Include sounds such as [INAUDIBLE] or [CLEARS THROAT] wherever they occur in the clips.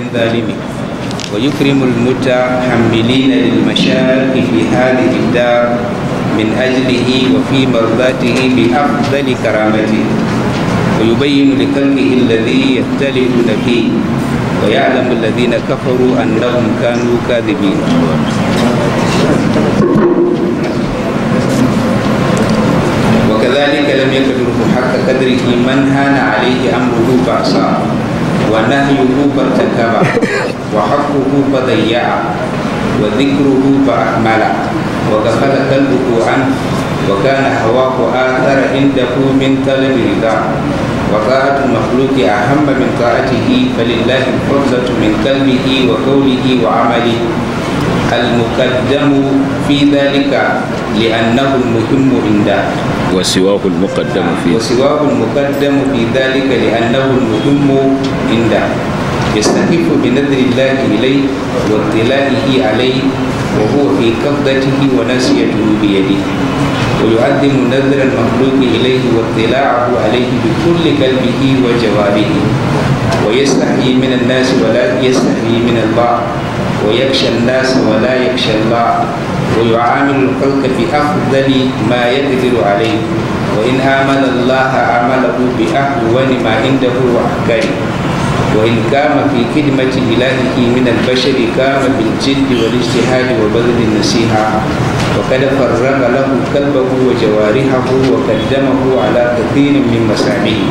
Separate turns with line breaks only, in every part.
للظالم ويكرم المتحملين للمشاق في هذه الدار من أجله وفي مرضاته بأفضل كرامته ويبين لقلبه الذي يختلف فيه ويعلم الذين كفروا أنهم كانوا كاذبين وكذلك لم يقدره حق قدره من هان عليه أمره بعصاه ونهيه فارتكبه وحقه فضيعه وذكره فأهمله وغفل قلبه عنه وكان هواه آثر عنده من طلب رضاه وطاعة المخلوق أهم من طاعته فلله الفرصة من قلبه وقوله وعمله المقدم في ذلك لأنه المهم عنده
وسواه المقدم في وسواه
المقدم في ذلك لأنه المهم عنده يستخف بنذر الله إليه واطلاعه عليه وهو في قبضته وناسيته بيده ويعظم نذر المخلوق إليه واطلاعه عليه بكل قلبه وجوابه ويستحيي من الناس ولا يستحيي من الله ويخشى الناس ولا يخشى الله ويعامل الخلق بأفضل ما يقدر عليه وإن آمن الله عمله بأهون ما عنده وأحكامه وإن قام في خدمة إلهه من البشر قام بالجد والاجتهاد وبذل النصيحة وقد فرغ له قلبه وجوارحه وقدمه على كثير من مسامعه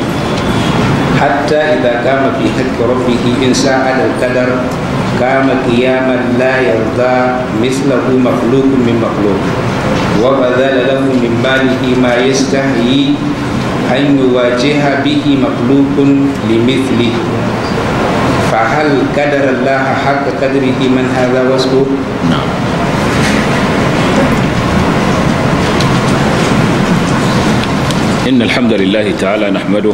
حتى إذا قام في حق ربه إن ساعد القدر قام قياما لا يرضى مثله مخلوق من مخلوق وبذل له من ماله ما يستحيي أن يواجه به مخلوق لمثله فهل قدر الله حق قدره من هذا وصفه؟ نعم
إن الحمد لله تعالى نحمده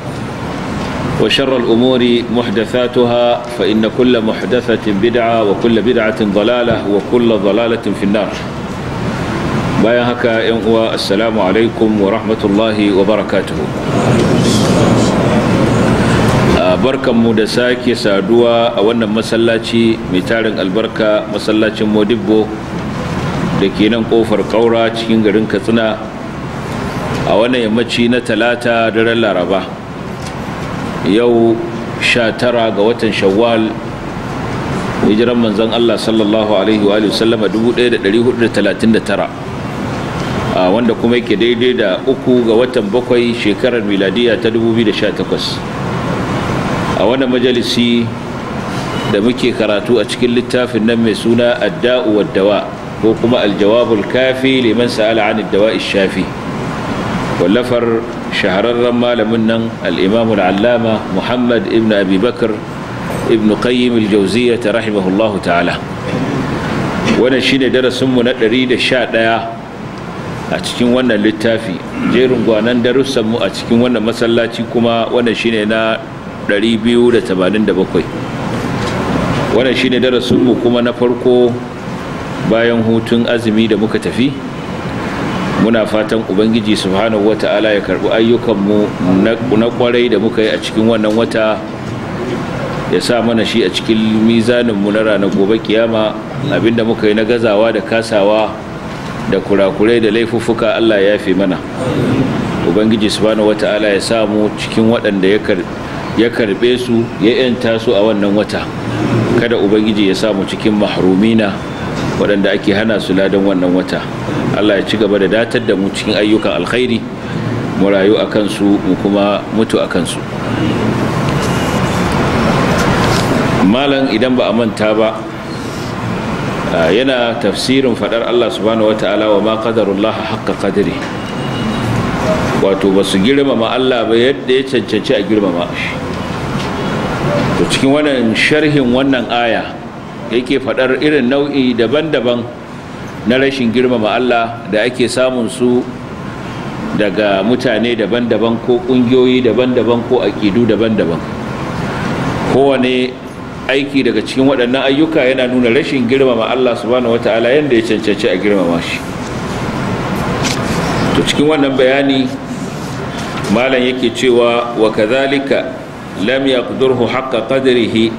وشر الأمور محدثاتها فإن كل محدثة بدعة وكل بدعة ضلالة وكل ضلالة في النار bayan haka yan uwa assalamu alaikum wa rahmatullahi wa barakatuhu barkanmu da sake saduwa a wannan masallaci mai tarin albarka masallacin modibo da ke nan kofar kaura cikin garin katsina a wannan yammaci na talata daren laraba yau sha tara ga watan shawwal hijiran manzon Allah sallallahu alaihi wa sallama 1439 wanda kuma yake daidai da uku ga watan bakwai shekarar miladiya ta 2018 a wannan majalisi da muke karatu a cikin littafin nan mai suna adda'u waddawa ko kuma aljawabul kafi liman sa'ala an dawa'i shafi wallafar shahararren malamin nan al'imamun allama muhammad ibn abubakar ibn qayyim al-jauziya ta rahimahullahu ta'ala wannan shine darasinmu na 111 a cikin wannan littafi jerin gwanan darussanmu a cikin wannan masallaci kuma wannan shine na 287 wannan shine darasinmu kuma na farko bayan hutun azumi da muka tafi muna fatan ubangiji subhanahu wa ta'ala ya karbi ayyukanmu na kwarai da muka yi a cikin wannan wata ya sa mana shi a cikin mizaninmu na ranar gobe kiyama abinda muka yi na gazawa da kasawa da kurakurai da laifuffuka Allah ya fi mana ubangiji subhanahu wa ta'ala ya samu cikin waɗanda ya karbe su ya yanta su a wannan wata kada ubangiji ya samu cikin mahrumina waɗanda ake hana su ladan wannan wata Allah ya ci gaba da datar da mu cikin ayyukan alkhairi mu rayu a kansu mu kuma mutu a kansu malam idan ba a manta ba yana tafsirin fadar Allah subhanahu wata'ala wa ma qadarullah haqqa qadri wato ba su girmama Allah ba yadda ya cancanci a girmama shi to cikin wannan sharhin wannan aya yake fadar irin nau'i daban-daban na rashin girmama Allah da ake samun su daga mutane daban-daban ko ƙungiyoyi daban-daban ko aƙidu daban-daban kowane aiki daga cikin waɗannan ayyuka yana nuna rashin girmama Allah subhanahu wata'ala yadda ya cancanci a girmama shi to cikin wannan bayani malam yake cewa wa kazalika lam yaqdurhu haqqa qadrihi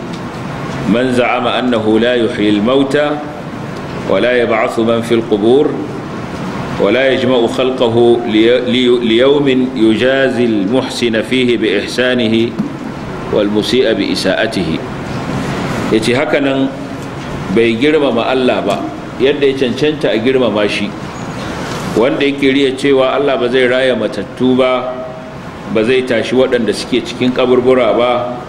man za'ama annahu la yuhyil mauta wala ya من في القبور ولا يجمع خلقه ليوم يجازي المحسن فيه بإحسانه والمسيء بإساءته yace hakanan bai girmama Allah ba yadda ya cancanta a girmama shi wanda yake riya cewa Allah ba zai raya matattu ba ba zai tashi waɗanda suke cikin kaburbura ba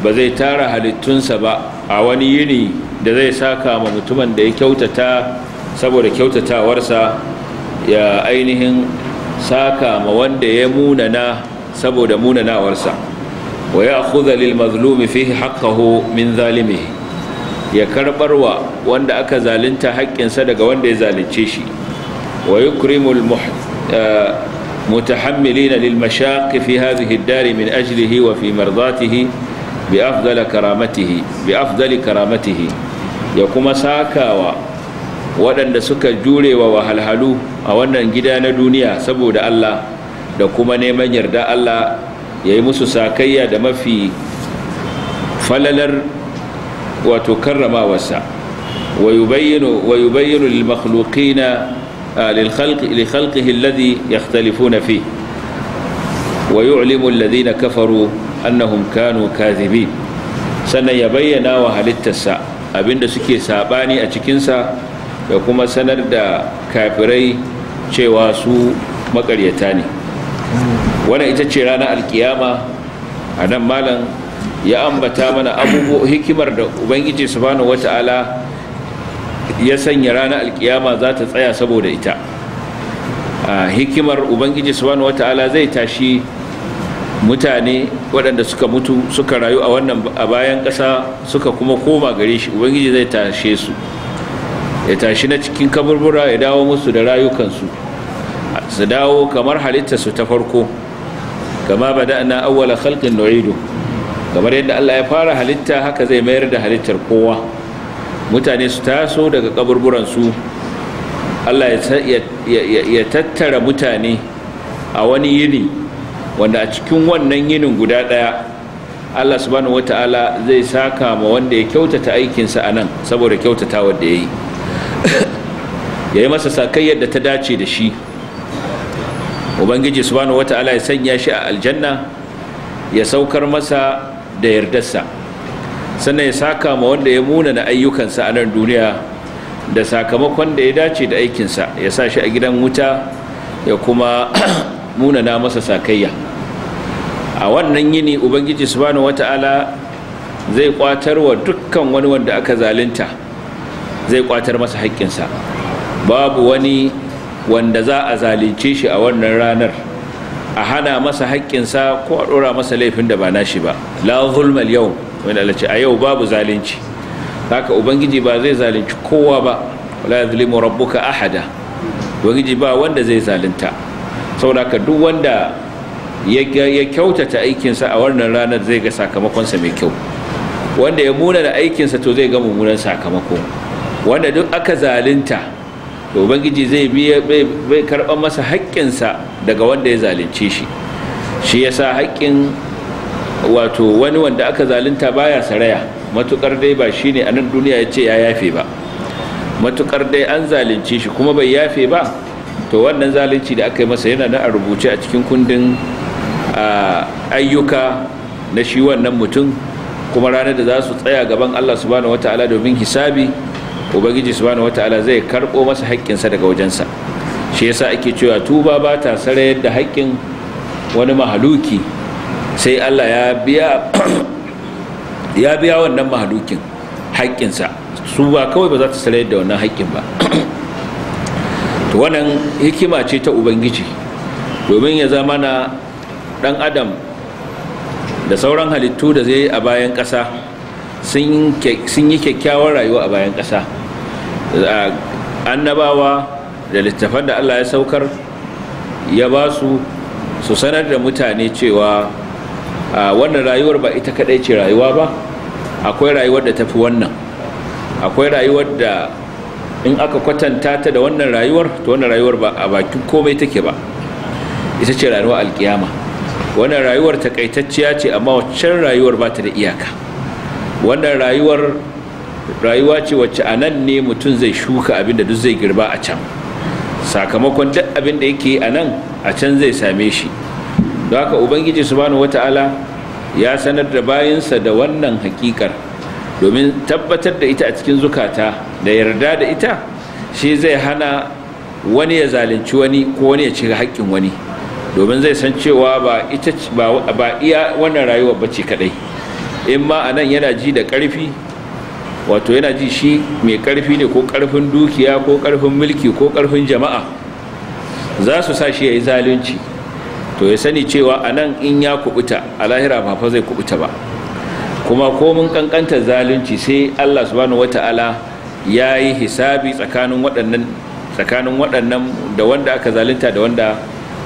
ba zai tara halittunsa ba a wani yini da zai saka ma mutumin da ya kyautata saboda kyautatawarsa ya ainihin saka ma wanda ya munana saboda munanawarsa wa ya akhudha lil mazlumi fihi haqqahu min zalimihi ya karbarwa wanda aka zalunta haƙƙinsa daga wanda ya zalunce shi wa yukrimul متحملين للمشاق في هذه الدار من أجله وفي مرضاته بأفضل كرامته بأفضل كرامته ya kuma sakawa waɗanda suka jure wa wahalhalu a wannan gida na duniya saboda Allah da kuma neman yarda Allah ya yi musu sakayya da mafi falalar wato karramawarsa wa yubayyinu wa yubayyinu lil lil khalqi li khalqihi alladhi yakhtalifuna fihi wa kafaru annahum kanu kazibi sannan ya bayyana wa halittarsa abinda suke sabani a cikinsa da kuma sanar da kafirai cewa su makaryata ne wannan ita ce ranar alkiyama a nan malam ya ambata mana abubuwa hikimar da ubangiji subhanahu wata'ala ya sanya ranar alkiyama za ta tsaya saboda ita hikimar ubangiji subhanahu wata'ala zai tashi mutane waɗanda suka mutu suka rayu a wannan a bayan ƙasa suka kuma koma gare shi ubangiji zai tashe su ya tashi na cikin kaburbura ya dawo musu da rayukansu su dawo kamar su ta farko kama da'ana awwala khalqin nu'idu kamar yadda Allah ya fara halitta haka zai mayar da halittar kowa mutane su taso daga su. Allah ya tattara mutane a wani yini wanda a cikin wannan yinin guda ɗaya Allah subhanahu ta'ala zai saka ma wanda ya kyautata aikinsa a nan saboda kyautata wanda ya yi [COUGHS] ya yi masa sakayyar yadda ta dace da shi ubangiji subhanahu ta'ala ya sanya shi a aljanna ya saukar masa da yardarsa sannan ya saka ma wanda ya muna na ayyukansa a nan duniya da sakamakon da ya dace da aikinsa ya sa shi a gidan wuta ya kuma munana masa sakayya a wannan yini ubangiji subhanahu wata'ala zai kwatar wa dukkan wani wanda aka zalunta zai kwatar masa haƙƙinsa babu wani wanda za a zalunce shi a wannan ranar a hana masa haƙƙinsa ko a ɗora masa laifin da ba nashi ba la zulmal yau wani alace a yau babu zalunci haka ubangiji ba zai zalunci kowa ba wala yadhlimu rabbuka ahada ubangiji ba wanda zai zalunta saboda ka duk wanda ya kyautata aikinsa a wannan ranar zai ga sakamakonsa mai kyau wanda ya muna da aikinsa to zai ga mummunan sakamako wanda duk aka zalinta to ubangiji zai biya bai karɓar masa haƙƙinsa daga wanda ya zalunce shi shi ya sa haƙƙin wato wani wanda aka zalunta baya saraya matuƙar dai ba shi ne a nan duniya ya ce ya yafe ba matuƙar dai an zalunce shi kuma bai yafe ba to wannan zalunci da aka yi masa yana na a rubuce a cikin kundin ayyuka na shi wannan mutum kuma ranar da za su tsaya gaban Allah subhanahu wata'ala domin hisabi ubangiji subhanahu wata'ala zai karɓo masa haƙƙinsa daga wajensa shi yasa ake cewa tuba ba ta sarayar da haƙƙin wani mahaluki sai Allah ya biya ya biya wannan mahalukin haƙƙinsa su ba kawai ba za ta sarayar da wannan haƙƙin ba wannan hikima ce ta ubangiji domin ya zama na dan adam da sauran halittu da zai a bayan ƙasa sun yi kyakkyawar rayuwa a bayan ƙasa annabawa da littafan da allah ya saukar ya ba su su sanar da mutane cewa wannan rayuwar ba ita kadai ce rayuwa ba akwai rayuwar da tafi wannan akwai rayuwar da in aka kwatanta ta da wannan rayuwar to wannan rayuwar ba a bakin komai take ba ita ce rayuwar alkiyama wannan rayuwar takaitacciya ce amma waccan rayuwar ba ta da iyaka wannan rayuwar rayuwa ce wacce a nan ne mutum zai shuka abin da duk zai girba a can sakamakon duk abin da yake a nan a can zai same shi don haka ubangiji subhanahu wata'ala ya sanar da bayansa da wannan hakikar domin tabbatar da ita a cikin zukata da yarda da ita shi zai hana wani ya zalunci wani ko wani ya ci haƙƙin wani domin zai san cewa ba ita ba iya wannan rayuwa bace kadai in ma anan yana ji da ƙarfi wato yana ji shi mai ƙarfi ne ko ƙarfin dukiya ko ƙarfin mulki ko ƙarfin jama'a za su sa shi ya yi zalunci to ya sani cewa anan in ya kubuta a lahira ba fa zai kubuta ba kuma komin kankanta zalunci sai Allah subhanahu wata'ala ya yi hisabi tsakanin waɗannan tsakanin waɗannan da wanda aka zalunta da wanda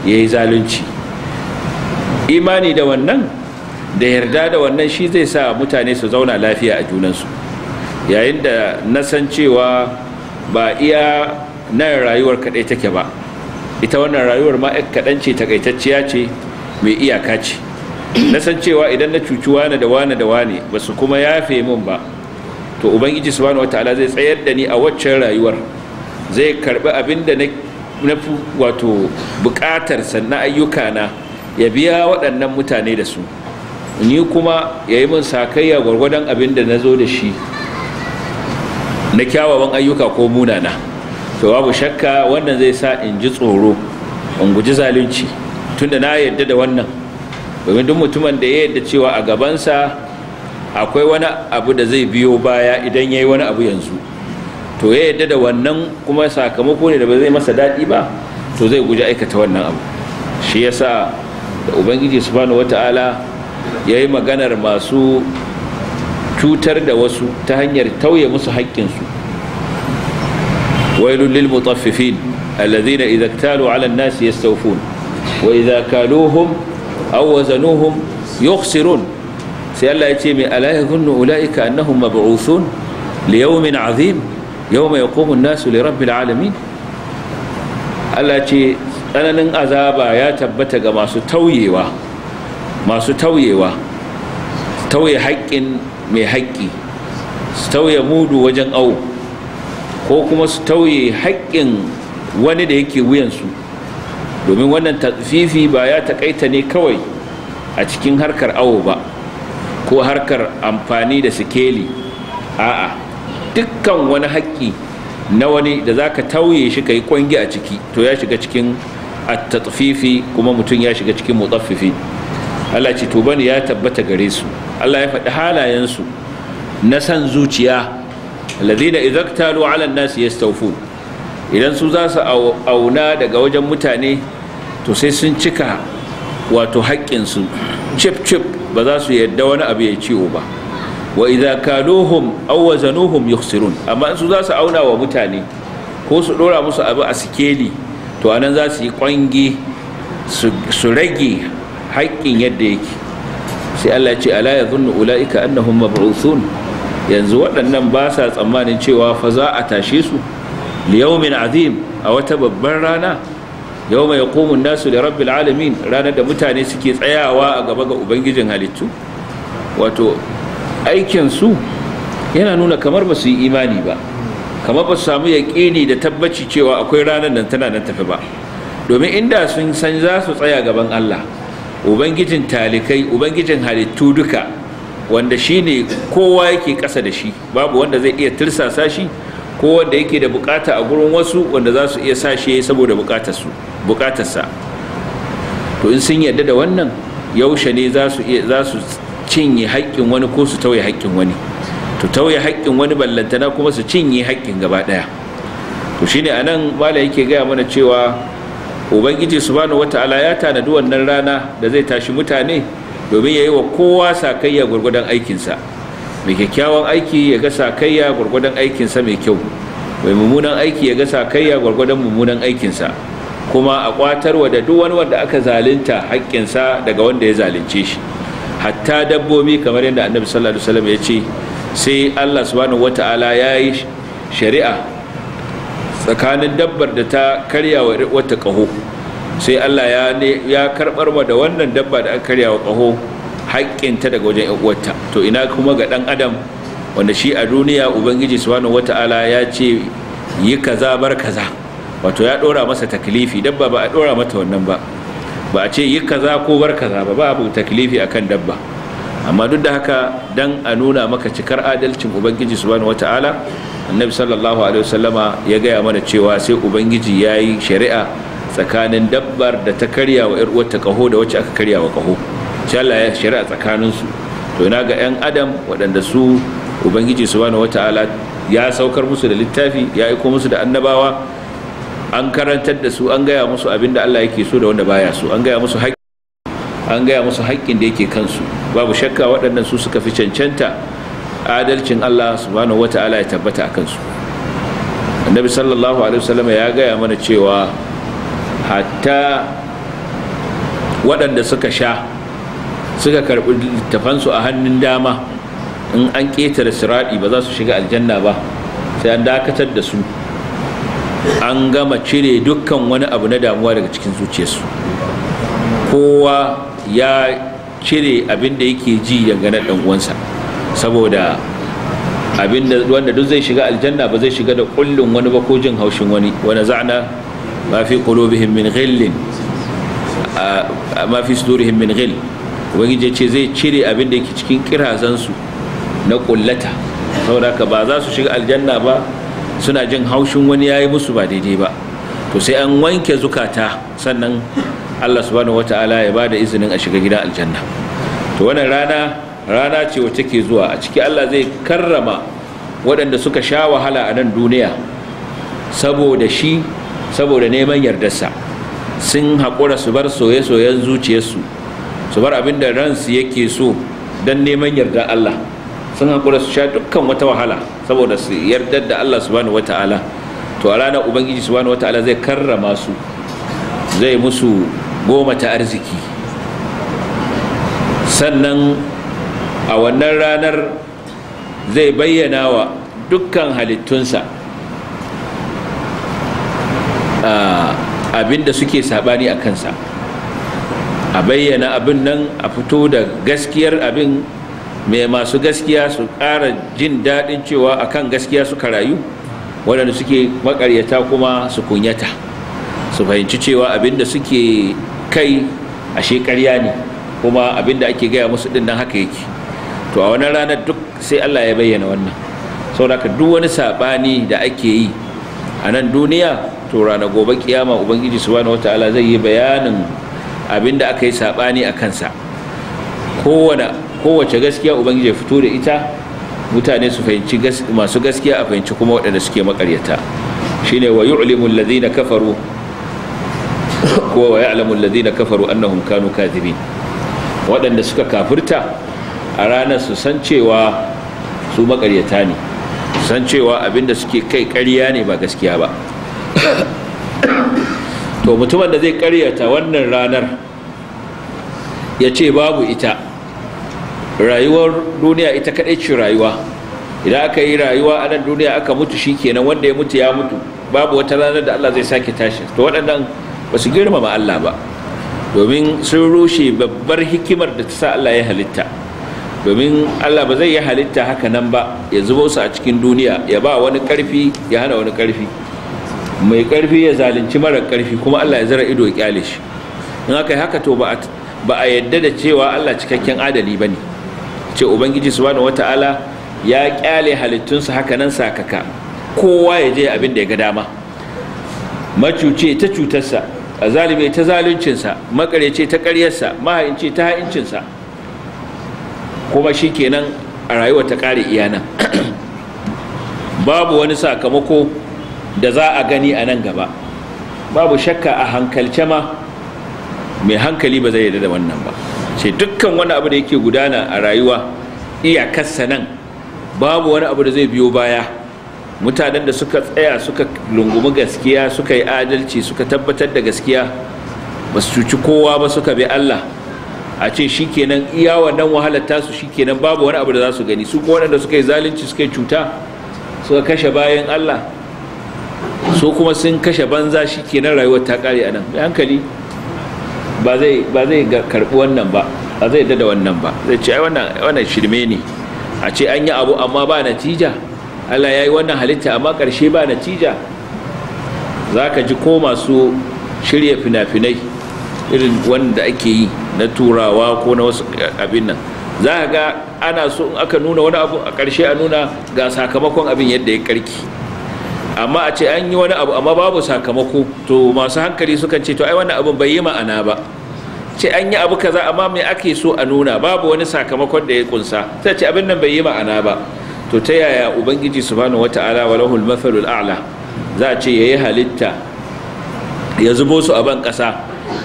ya yi zalunci imani da wannan da yarda da wannan shi zai sa mutane su zauna lafiya a junansu yayin da na san cewa ba iya na rayuwar kaɗai take ba ita wannan rayuwar ma kaɗan ce takaitacciya ce mai iyaka ce na san cewa idan na cuci wane da wane da wane ba su kuma yafe min ba to ubangiji subhanahu wataala zai tsayar da ni a waccan rayuwar zai karbi abin da na fi wato bukatar sannan ayyuka na ya biya waɗannan mutane da su ni kuma ya yi min sakayya gwargwadon abin da na zo da shi na kyawawan ayyuka ko munana to babu shakka wannan zai sa in ji tsoro in guji zalunci tunda na yarda da wannan domin duk mutumin da ya yadda cewa a gabansa akwai wani abu da zai biyo baya idan ya yi wani abu yanzu to ya yadda da wannan kuma sakamako ne da ba zai masa daɗi ba to zai guji aikata wannan abu shi ya sa da ubangiji subhanahu wata'ala ya yi maganar masu cutar da wasu ta hanyar tauye musu haƙƙinsu wailul lil mutaffifin allazina idza iktalu 'ala an-nasi yastawfun wa idza kaluhum aw wazanuhum yukhsirun sai Allah ya ce mai ala yadhunnu ulaika annahum mab'uthun li yawmin azim yawma yaqumu an-nasu li rabbil alamin Allah ya ce tsananin azaba ya tabbata ga masu tauyewa masu tauyewa tauye haƙƙin mai haƙƙi su tauye mudu wajen awo ko kuma su tauye haƙƙin wani da yake wuyansu domin wannan tafifi ba ya takaita ne kawai a cikin harkar awo ba ko harkar amfani da sikeli a'a dukkan wani haƙƙi na wani da za ka tauye shi ka yi kwangi a ciki to ya shiga cikin at-tatfifi kuma mutum ya shiga cikin mutaffifi Allah ce to ya tabbata gare su Allah ya faɗi halayensu na san zuciya alladhina idza iktalu 'ala an-nasi yastawfun idan su za su auna daga wajen mutane to sai sun cika wato haƙƙinsu cip cip ba za su yadda wani abu ya ciwo ba wa idza kaluhum aw wazanuhum yukhsirun amma su za su auna wa mutane ko su ɗora musu abu a sikeli to anan za su yi ƙwangi su rage haƙƙin yadda yake sai Allah ce ala yadhunnu ulaika annahum mab'uthun yanzu waɗannan ba sa tsammanin cewa fa za a tashe su liyaumin azim a wata babban rana yau mai komun nasu da rabbil alamin ranar da mutane suke tsayawa a gaba ga ubangijin halittu wato aikinsu yana nuna kamar ba su yi imani ba kamar ba su samu yaƙini da tabbaci cewa akwai ranar nan tana nan tafi ba domin inda sun san za su tsaya gaban allah ubangijin talikai ubangijin halittu duka wanda shine kowa yake ƙasa da shi babu wanda zai iya tirsasa shi ko wanda yake da bukata a gurin wasu wanda za su iya sa shi saboda bukatarsa to in sun yarda da wannan yaushe ne za su cinye haƙƙin wani ko su tauye haƙƙin wani to tauye haƙƙin wani ballantana kuma su cinye haƙƙin gaba ɗaya to shine anan mala yake gaya mana cewa ubangiji su wata wata ya tanadi wannan rana da zai tashi mutane domin ya yi wa kowa sakayya gwargwadon aikinsa mai kyakkyawan aiki ya ga sakayya gwargwadon aikinsa mai kyau mai mummunan aiki ya ga sakayya gwargwadon mummunan aikinsa kuma a kwatarwa da duk wanda aka zalunta haƙƙinsa daga wanda ya zalunce shi hatta dabbobi kamar yadda annabi sallallahu alaihi wasallam ya ce sai Allah subhanahu wata'ala ya yi shari'a tsakanin dabbar da ta karya wa wata ƙaho sai Allah ya karɓar da wannan dabba da aka karya wa ƙaho haƙƙinta daga wajen uwarta to ina kuma ga ɗan adam wanda shi a duniya ubangiji subhanahu wata'ala ya ce yi kaza bar kaza wato ya ɗora masa taklifi dabba ba a ɗora mata wannan ba ba a ce yi kaza ko bar kaza ba babu taklifi akan dabba amma duk da haka dan a nuna maka cikar adalcin ubangiji subhanahu wata'ala annabi sallallahu alaihi wasallama ya gaya mana cewa sai ubangiji yayi shari'a tsakanin dabbar da ta karya wa 'yar uwarta kaho da wacce aka karya wa kaho sai Allah ya shari'a tsakaninsu to ina ga 'yan adam waɗanda su ubangiji subhanahu wata'ala ya saukar musu da littafi ya aiko musu da annabawa an karantar da su an gaya musu abin da Allah yake so da wanda baya so an gaya musu an gaya musu haƙƙin da yake kansu babu shakka waɗannan su suka fi cancanta adalcin Allah subhanahu ta'ala ya tabbata a kansu annabi sallallahu alaihi wasallam ya gaya mana cewa hatta waɗanda suka sha suka karɓi littafansu a hannun dama in an ƙetare siraɗi ba za su shiga aljanna ba sai an dakatar da su an gama cire dukkan wani abu na damuwa daga cikin zuciyarsu kowa ya cire abin da yake ji dangane da uwansa saboda abin da wanda duk zai shiga aljanna ba zai shiga da kullun wani ba ko jin haushin wani wani za'ana ma fi min ghillin ma fi min ghillin ubangiji ce zai cire abin da yake cikin kirazansu na kullata saboda ka ba za su shiga aljanna ba suna jin haushin wani yayi musu ba daidai ba to sai an wanke zukata sannan Allah subhanahu wata'ala ya bada izinin a shiga gida aljanna to wannan rana rana ce wacce ke zuwa a ciki Allah zai karrama waɗanda suka sha wahala a nan duniya saboda shi saboda neman yardarsa sun haƙura su bar soye-soyen zuciyarsu su bar abin da ransu yake so don neman yarda Allah sun haƙura su sha dukkan wata wahala saboda su yardar da Allah subhanahu ala, to a ranar ubangiji subhanahu ala zai karrama su zai musu goma ta arziki sannan a wannan ranar zai bayyana wa dukkan halittunsa ah, abin da suke sabani a kansa a bayyana abin nan a fito da gaskiyar abin mai masu gaskiya su ƙara jin daɗin cewa a kan gaskiya suka rayu waɗanda suke makaryata kuma su kunyata su fahimci cewa abin da suke kai a shekarya ne kuma abin da ake gaya musu ɗin nan haka yake to a wani ranar duk sai allah ya bayyana wannan saboda duk wani saɓani da ake yi a nan duniya to rana gobe kiyama ubangiji subhanahu wataala zai yi bayanin Abin da aka yi saɓani a kansa kowace gaskiya ubangiji fito da ita mutane su fahimci masu gaskiya a fahimci kuma waɗanda suke makaryata shine wa yu'limu alladhina kafaru ko wa ya'lamu alladhina kafaru annahum kanu kadhibin waɗanda suka kafirta a ranar su san cewa su makaryata ne san cewa abinda suke kai ƙarya ne ba gaskiya ba to mutumin da zai karyata wannan ranar ya ce babu ita rayuwar duniya ita kadai ce rayuwa idan aka yi rayuwa a nan duniya aka mutu shi kenan wanda ya mutu ya mutu babu wata ranar da Allah zai sake tashi to waɗannan ba su girmama Allah ba domin sun rushe babbar hikimar da ta sa Allah ya halitta domin Allah ba zai yi halitta haka nan ba ya zubo su a cikin duniya ya ba wani ƙarfi ya hana wani ƙarfi mai ƙarfi ya zalunci mara karfi kuma Allah ya zara ido ya kyale shi in aka yi haka to ba a yadda da cewa Allah cikakken adali ba ne? ce ubangiji wata wata'ala ya kyale halittunsa haka nan sakaka kowa ya je abin da ya ga dama macuce ta cutarsa a azalime ta zaluncinsa makarece ta karyarsa mahaince ta ha'incinsa kuma shi kenan a rayuwa ta kare iyanan [CLEARS THROAT] babu wani sakamako da za a gani a nan gaba babu shakka a hankalce ma mai hankali ba zai yarda da wannan ba ce dukkan wani abu da yake gudana a rayuwa iyakarsa nan babu wani abu da zai biyo baya mutanen da suka tsaya suka lungumi gaskiya suka yi adalci suka tabbatar da gaskiya ba su cuci kowa ba suka bi Allah a ce shikenan iya wannan wahalar tasu shikenan babu wani abu da za su gani su waɗanda suka yi zalunci suka yi cuta suka kashe bayan Allah so kuma sun kashe banza shi kenan rayuwar ta kare a nan mai hankali ba zai karɓi wannan ba ba zai da wannan ba zai ce ai wannan shirme ne a ce an yi abu amma ba natija Allah ya yi wannan halitta amma ƙarshe ba natija za ka ji ko masu shirya fina-finai irin wanda ake yi na turawa ko na wasu abin nan za ka ga ana so in aka nuna wani abu a karshe a nuna ga sakamakon abin yadda ya karki amma a ce an yi wani abu amma babu sakamako to masu hankali sukan ce to ai wannan abin bai yi ma'ana ba ce an yi abu kaza amma me ake so a nuna babu wani sakamakon da ya kunsa sai ce abin nan bai yi ma'ana ba to ta yaya ubangiji subhanahu wata'ala wa lahul mafalul a'la za a ce yayi halitta ya zubo su a ban kasa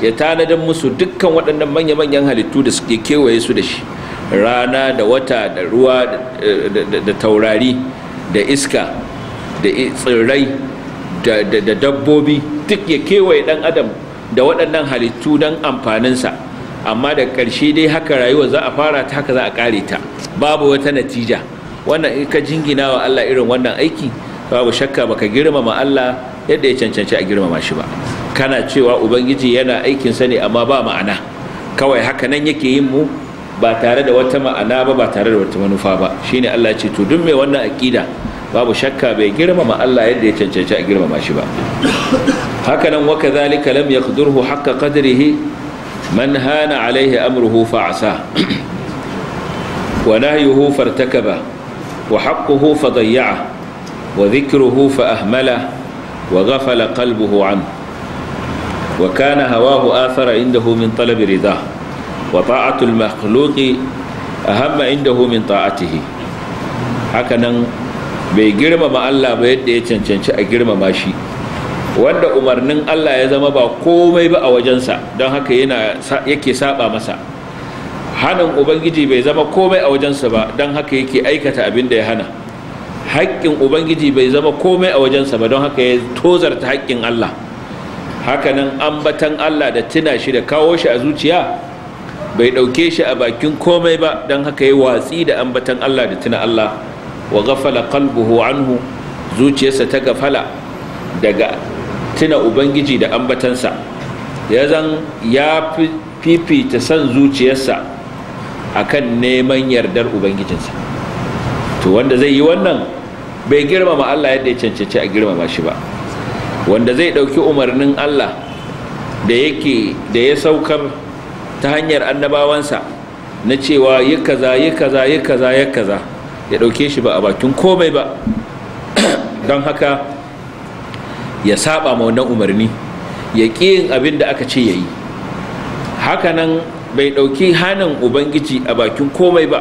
ya tanadan musu dukkan waɗannan manya-manyan halittu da suke kewaye su da shi rana da wata da ruwa da taurari da iska da tsirrai da dabbobi duk ya kewaye dan adam da waɗannan halittu don amfaninsa amma da ƙarshe dai haka rayuwa za a fara ta haka za a ƙare ta babu wata natija wannan ka jingina wa Allah irin wannan aiki babu shakka baka girmama Allah yadda ya cancanci a girmama shi ba kana cewa ubangiji yana aikin sa ne amma ba ma'ana kawai haka nan yake yin mu ba tare da wata ma'ana ba ba tare da wata manufa ba shine Allah ya ce to duk mai wannan aƙida babu shakka bai girmama Allah yadda ya cancanci a girmama shi ba hakanan wa kadhalika lam yaqdurhu haqqa qadrihi man hana alaihi amruhu fa'asa wa nahyuhu fartakaba wa haqquhu fadayya'a wa dhikruhu faahmala wa ghafala qalbuhu an wa kana hawahu athara indahu min talabi ridah wa ta'atul makhluqi ahamma indahu min ta'atihi hakanan bai girmama Allah ba yadda ya cancanci a girmama shi wanda umarnin Allah ya zama ba komai ba a wajensa don haka yake saba masa hanin ubangiji bai zama komai a wajensa ba don haka yake aikata abin da ya hana haƙƙin ubangiji bai zama komai a wajensa ba don haka ya tozarta haƙƙin Allah hakanan ambatan Allah da tuna shi da kawo shi a zuciya bai ɗauke shi a bakin komai ba don haka ya watsi da ambatan Allah da tuna Allah wa gafala kalbuhu anhu zuciyarsa ta gafala daga tuna ubangiji da ambatansa ya zan ya fifita son zuciyarsa akan neman yardar ubangijinsa to wanda zai yi wannan bai girmama Allah yadda ya cancanci a girmama shi ba wanda zai ɗauki umarnin Allah da yake da ya saukar ta hanyar annabawansa na cewa yi kaza yi kaza yi kaza yi kaza ya ɗauke shi ba a bakin komai ba don haka ya saba ma wannan umarni ya ƙi yin abin da aka ce ya yi hakanan bai ɗauki hannun ubangiji a bakin komai ba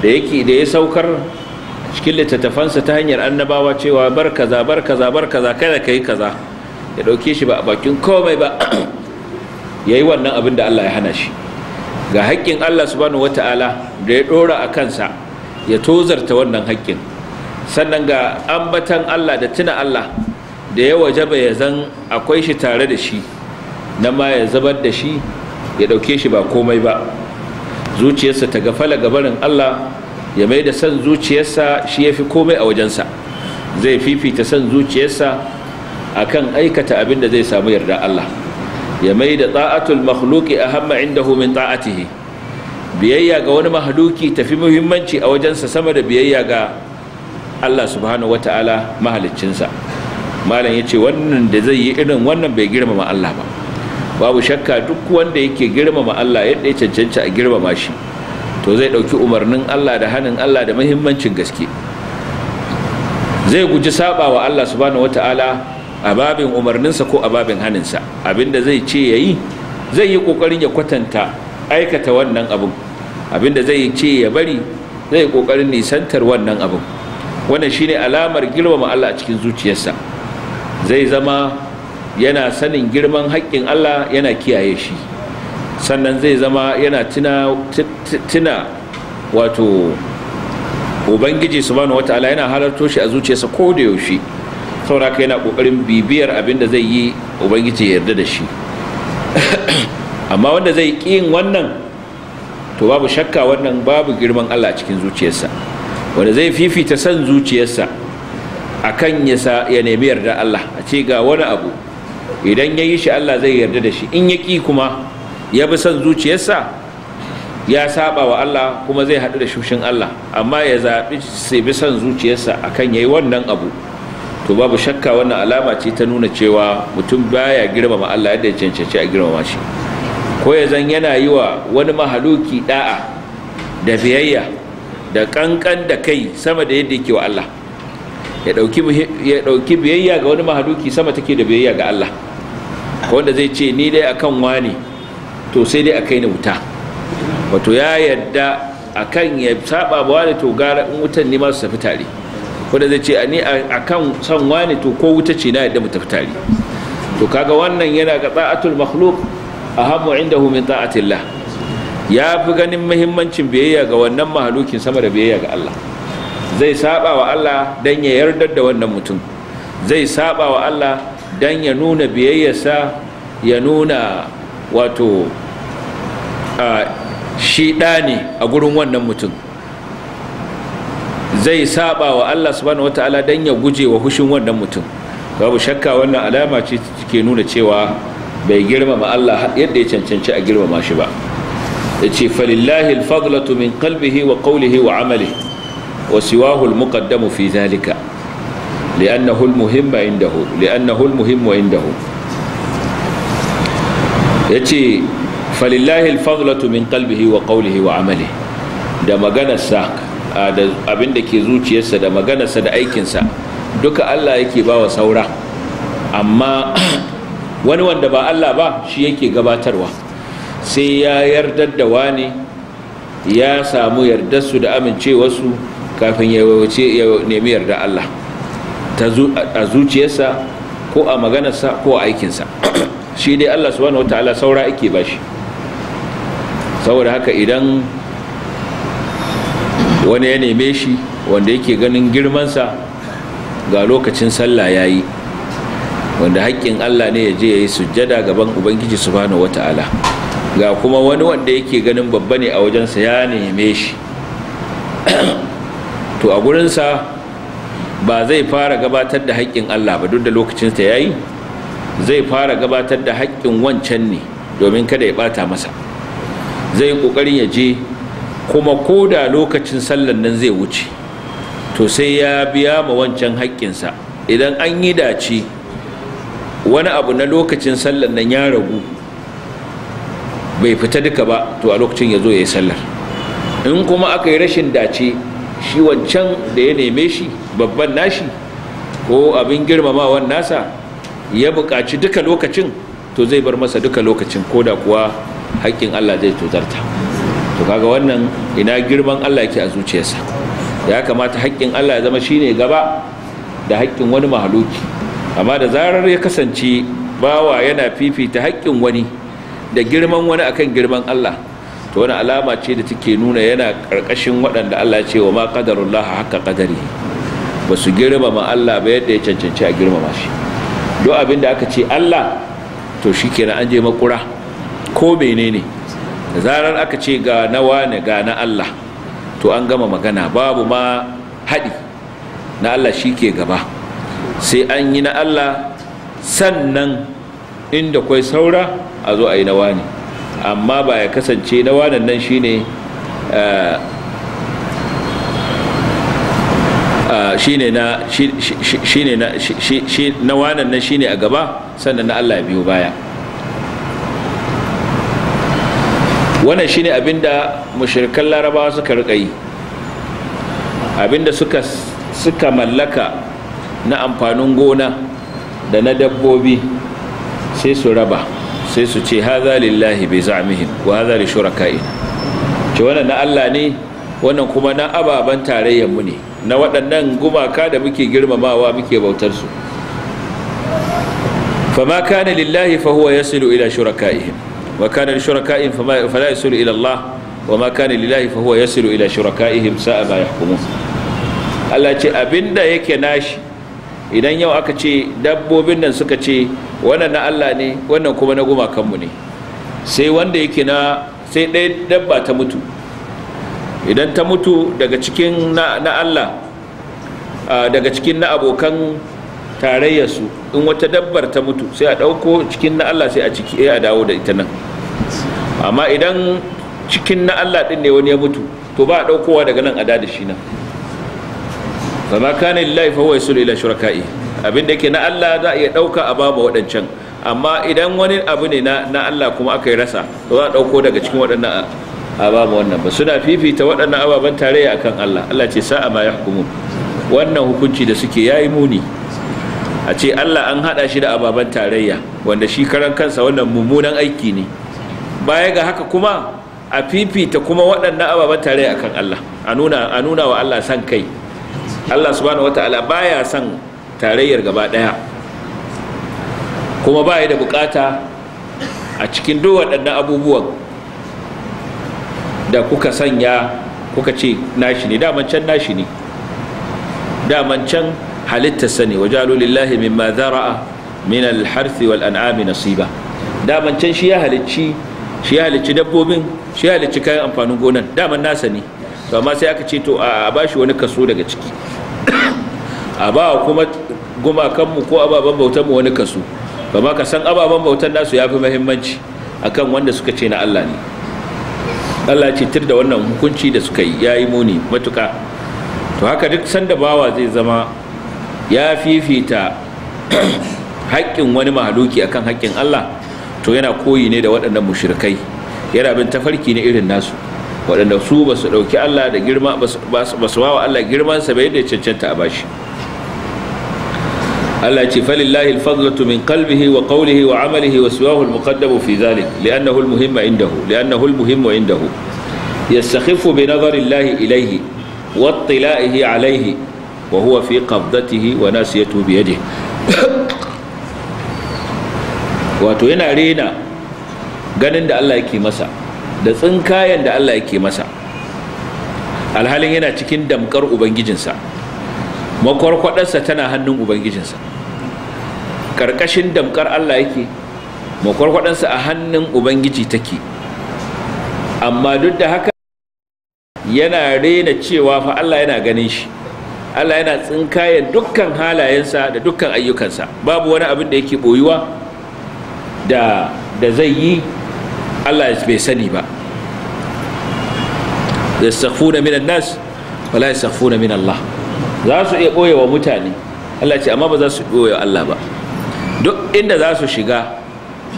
da da ya saukar cikin littattafansa ta hanyar annabawa cewa bar kaza bar kaza bar kaza kada ka yi kaza ya ɗauke shi ba a bakin komai ba [CLEARS THROAT] ya yi wannan abin da allah ya hana shi ga haƙƙin allah subhanahu wata'ala da ya ɗora a kansa ya tozarta wannan haƙƙin sannan ga ambatan Allah da tuna Allah da ya wajaba ya zan akwai shi tare da shi na ma ya zabar da shi ya ɗauke shi ba komai ba zuciyarsa ta gafala gabarin Allah ya mai da son zuciyarsa shi ya fi komai a wajensa zai fifita son zuciyarsa a kan aikata abin da zai samu yarda Allah ya mai da ta'atul makhluqi ahamma inda min ta'atihi biyayya ga wani mahaluki tafi muhimmanci a wajensa sama da biyayya ga Allah subhanahu wata'ala mahaliccinsa malam ya ce wannan da zai yi irin wannan bai girmama Allah ba babu shakka duk wanda yake girmama Allah yadda ya cancanci a girmama shi to zai ɗauki umarnin Allah da hannun Allah da muhimmancin gaske zai guji saba wa Allah subhanahu wata'ala a babin umarninsa ko a babin haninsa abinda zai ce ya yi zai yi kokarin ya kwatanta aikata wannan abin abinda zai ce ya bari zai kokarin nisantar wannan abin wannan shine alamar girmama Allah a cikin zuciyarsa zai zama yana sanin girman haƙƙin Allah yana kiyaye shi sannan zai zama yana tuna wato ubangiji subhanahu wataala yana halarto shi a zuciyarsa ko da yaushe saboda yana kokarin bibiyar abin da zai yi ubangiji ya yarda da shi [COUGHS] amma wanda zai yin wannan to babu shakka wannan babu girman Allah a cikin zuciyarsa wanda zai fifita son zuciyarsa akan ya nemi yarda Allah a ce ga wani abu idan ya yi shi Allah zai yarda da shi in ya ki kuma ya bi son zuciyarsa ya saba wa Allah kuma zai haɗu da shushin Allah amma ya zabi sai bi son zuciyarsa akan ya yi wannan abu to babu shakka wannan alama ce ta nuna cewa mutum baya girmama Allah yadda ya cancanci a girmama shi ko ya zan yana yi wa wani mahaluki da'a da biyayya da kankan da kai sama da yadda yake wa Allah ya ɗauki biyayya ga wani mahaluki sama take da biyayya ga Allah wanda zai ce ni dai akan wani to sai dai akai na wuta wato ya yadda akan ya saba ba wani to gara in wutan ne masu tafi tare wanda zai ce ni akan san wani to ko wuta ce na yadda mu tafi tare to kaga wannan yana ga tsa'atul makhluq ahabu indahu min ta'atillah ya fi ganin muhimmancin biyayya ga wannan mahalukin sama da biyayya ga Allah zai saba wa Allah dan ya yarda da wannan mutum zai saba wa Allah dan ya nuna biyayyarsa ya nuna wato shi ɗa a gurin wannan mutum zai saba wa Allah subhanahu wataala dan ya guje wa hushin wannan mutum babu shakka wannan alama ce ke nuna cewa bai girmama Allah yadda ya cancanci a girmama shi ba ya ce falillahi alfadlatu min qalbihi wa qawlihi wa amali wa siwahu almuqaddamu fi zalika لأنه المهم عنده ya ce falillahi يتي min الفضلة wa قلبه wa amali da maganarsa da abin da ke zuciyarsa da maganarsa da aikinsa duka Allah yake ba wa saura amma [CLEARS THROAT] wani wanda ba Allah ba shi yake gabatarwa sai ya yarda da wani ya samu yardarsu da amincewarsu kafin ya nemi yarda Allah a zuciyarsa ko a maganarsa ko a aikinsa [CLEARS THROAT] shi dai Allah subhanahu wataala saura ake bashi saboda haka idan wani ya neme shi wanda yake ganin girmansa ga lokacin sallah ya yi wanda haƙƙin Allah ne ya je ya yi sujjada gaban ubangiji subhanahu wata'ala ga kuma wani wanda yake ganin babba ne a wajensa ya neme shi [CLEARS THROAT] to a gurinsa ba zai fara gabatar da haƙƙin Allah ba duk da lokacinsa ya yi zai fara gabatar da haƙƙin wancan ne domin kada ya ɓata masa zai yi ƙoƙarin ya je kuma ko da lokacin sallan nan zai wuce to sai ya biya ma wancan haƙƙinsa idan an yi dace wani abu na lokacin sallar nan ya ragu bai fita duka ba to a lokacin ya zo ya yi sallar in kuma aka yi rashin dace shi wancan da ya neme shi babban nashi ko abin girmamawan nasa ya buƙaci duka lokacin to zai bar masa duka lokacin ko da kuwa haƙƙin Allah zai tozarta to kaga wannan ina girman Allah yake a zuciyarsa ya kamata haƙƙin Allah ya zama shine gaba da haƙƙin wani mahaluki amma da zarar ya kasance bawa yana fifita haƙƙin wani da girman wani akan girman Allah to wani alama ce da take nuna yana ƙarƙashin waɗanda Allah ce wa ma qadarullah haka qadari ba su girmama Allah ba yadda ya cancanci a girmama shi duk abin da aka ce Allah to shikenan an je makura ko menene da zarar aka ce ga na wane ga na Allah to an gama magana babu ma haɗi na Allah shi ke gaba sai an yi na Allah sannan inda kwai saura a zo a yi na wani amma ba ya kasance na wanan nan shine a gaba sannan na Allah biyu baya wannan shine abinda mushrikan larabawa suka rika yi abinda suka mallaka na amfanin gona da na dabbobi sai su raba sai su ce haza lillahi bai za'amihim wa haza li shuraka'ina ce wannan na Allah ne wannan kuma na ababen tarayyar mu ne na waɗannan gumaka da muke girmamawa muke bautar su fama kana lillahi fa huwa yasilu ila shuraka'ihim wa kana li Fa fala yasilu ila Allah wa ma kana lillahi fa huwa yasilu ila shuraka'ihim sa'a ma yahkumun Allah ce abinda yake nashi idan yau aka ce dabbobin nan suka ce wannan na Allah ne wannan kuma na gumakanmu ne sai wanda yake na sai ɗaya dabba ta mutu idan ta mutu daga cikin na, Allah daga cikin na abokan tarayyarsu in wata dabbar ta mutu sai a ɗauko cikin na Allah sai a ciki a dawo da ita nan amma idan cikin na Allah ɗin ne wani ya mutu to ba a ɗaukowa daga nan a da shi nan zama kane lillahi fa huwa yasulu ila shuraka'i abin da yake na Allah za a iya dauka a babu waɗancan amma idan wani abu ne na Allah kuma aka yi rasa to za a dauko daga cikin waɗannan a babu wannan ba suna fifita waɗannan ababen tarayya akan Allah Allah ce sa'a ma yahkumu wannan hukunci da suke yayi muni a ce Allah an haɗa shi da ababen tarayya wanda shi karan kansa wannan mummunan aiki ne baya ga haka kuma a fifita kuma waɗannan ababen tarayya akan Allah a nuna wa Allah san kai Allah subhanahu wata'ala baya son tarayyar gaba daya kuma baya da bukata a cikin duk waɗannan abubuwan da kuka sanya kuka ce nashi ne daman can nashi ne daman can halittarsa ne waje alulillahi mimma zara'a min alharthi wal an'ami nasiba daman can shi ya halicci shi ya halicci dabbobin shi ya halicci kayan amfanin gonan daman nasa ne to amma sai aka ce to a bashi wani kaso daga ciki a ba kuma gumakanmu ko ababen bautanmu wani kasu ma ka san ababen bautan nasu ya fi mahimmanci akan wanda suka ce na Allah ne Allah ce tir da wannan hukunci da suka yi ya yi muni matuka to haka duk sanda bawa zai zama ya fifita [COUGHS] haƙƙin wani mahaluki akan haƙƙin Allah to yana koyi ne da waɗannan mushrikai yana bin tafarki ne irin nasu waɗanda su ba su ɗauki Allah da girma ba su wawa Allah girmansa ba yadda cancanta a bashi Allah ce falillahi alfadlatu min qalbihi wa qawlihi wa amalihi wa siwahu almuqaddamu fi zalik li'annahu almuhimmu indahu li'annahu almuhimmu indahu yastakhifu bi nadhari Allah ilayhi wa tila'ihi alayhi wa huwa fi qabdatihi wa nasiyatuhu bi yadihi wato yana rena ganin da Allah yake masa da tsinkayen da Allah yake masa alhalin yana cikin damkar ubangijinsa makwarkwadarsa tana hannun ubangijinsa ƙarƙashin damkar Allah yake makwarkwadarsa a hannun ubangiji take amma duk da haka yana rena cewa fa Allah yana ganin shi Allah yana tsinkaya dukkan halayensa da dukkan ayyukansa babu wani abin da yake boyuwa da zai yi Allah bai sani ba yastaghfuna minan nas wala yastaghfuna min Allah za su iya boye wa mutane Allah ce amma ba za su boye Allah ba duk inda za su shiga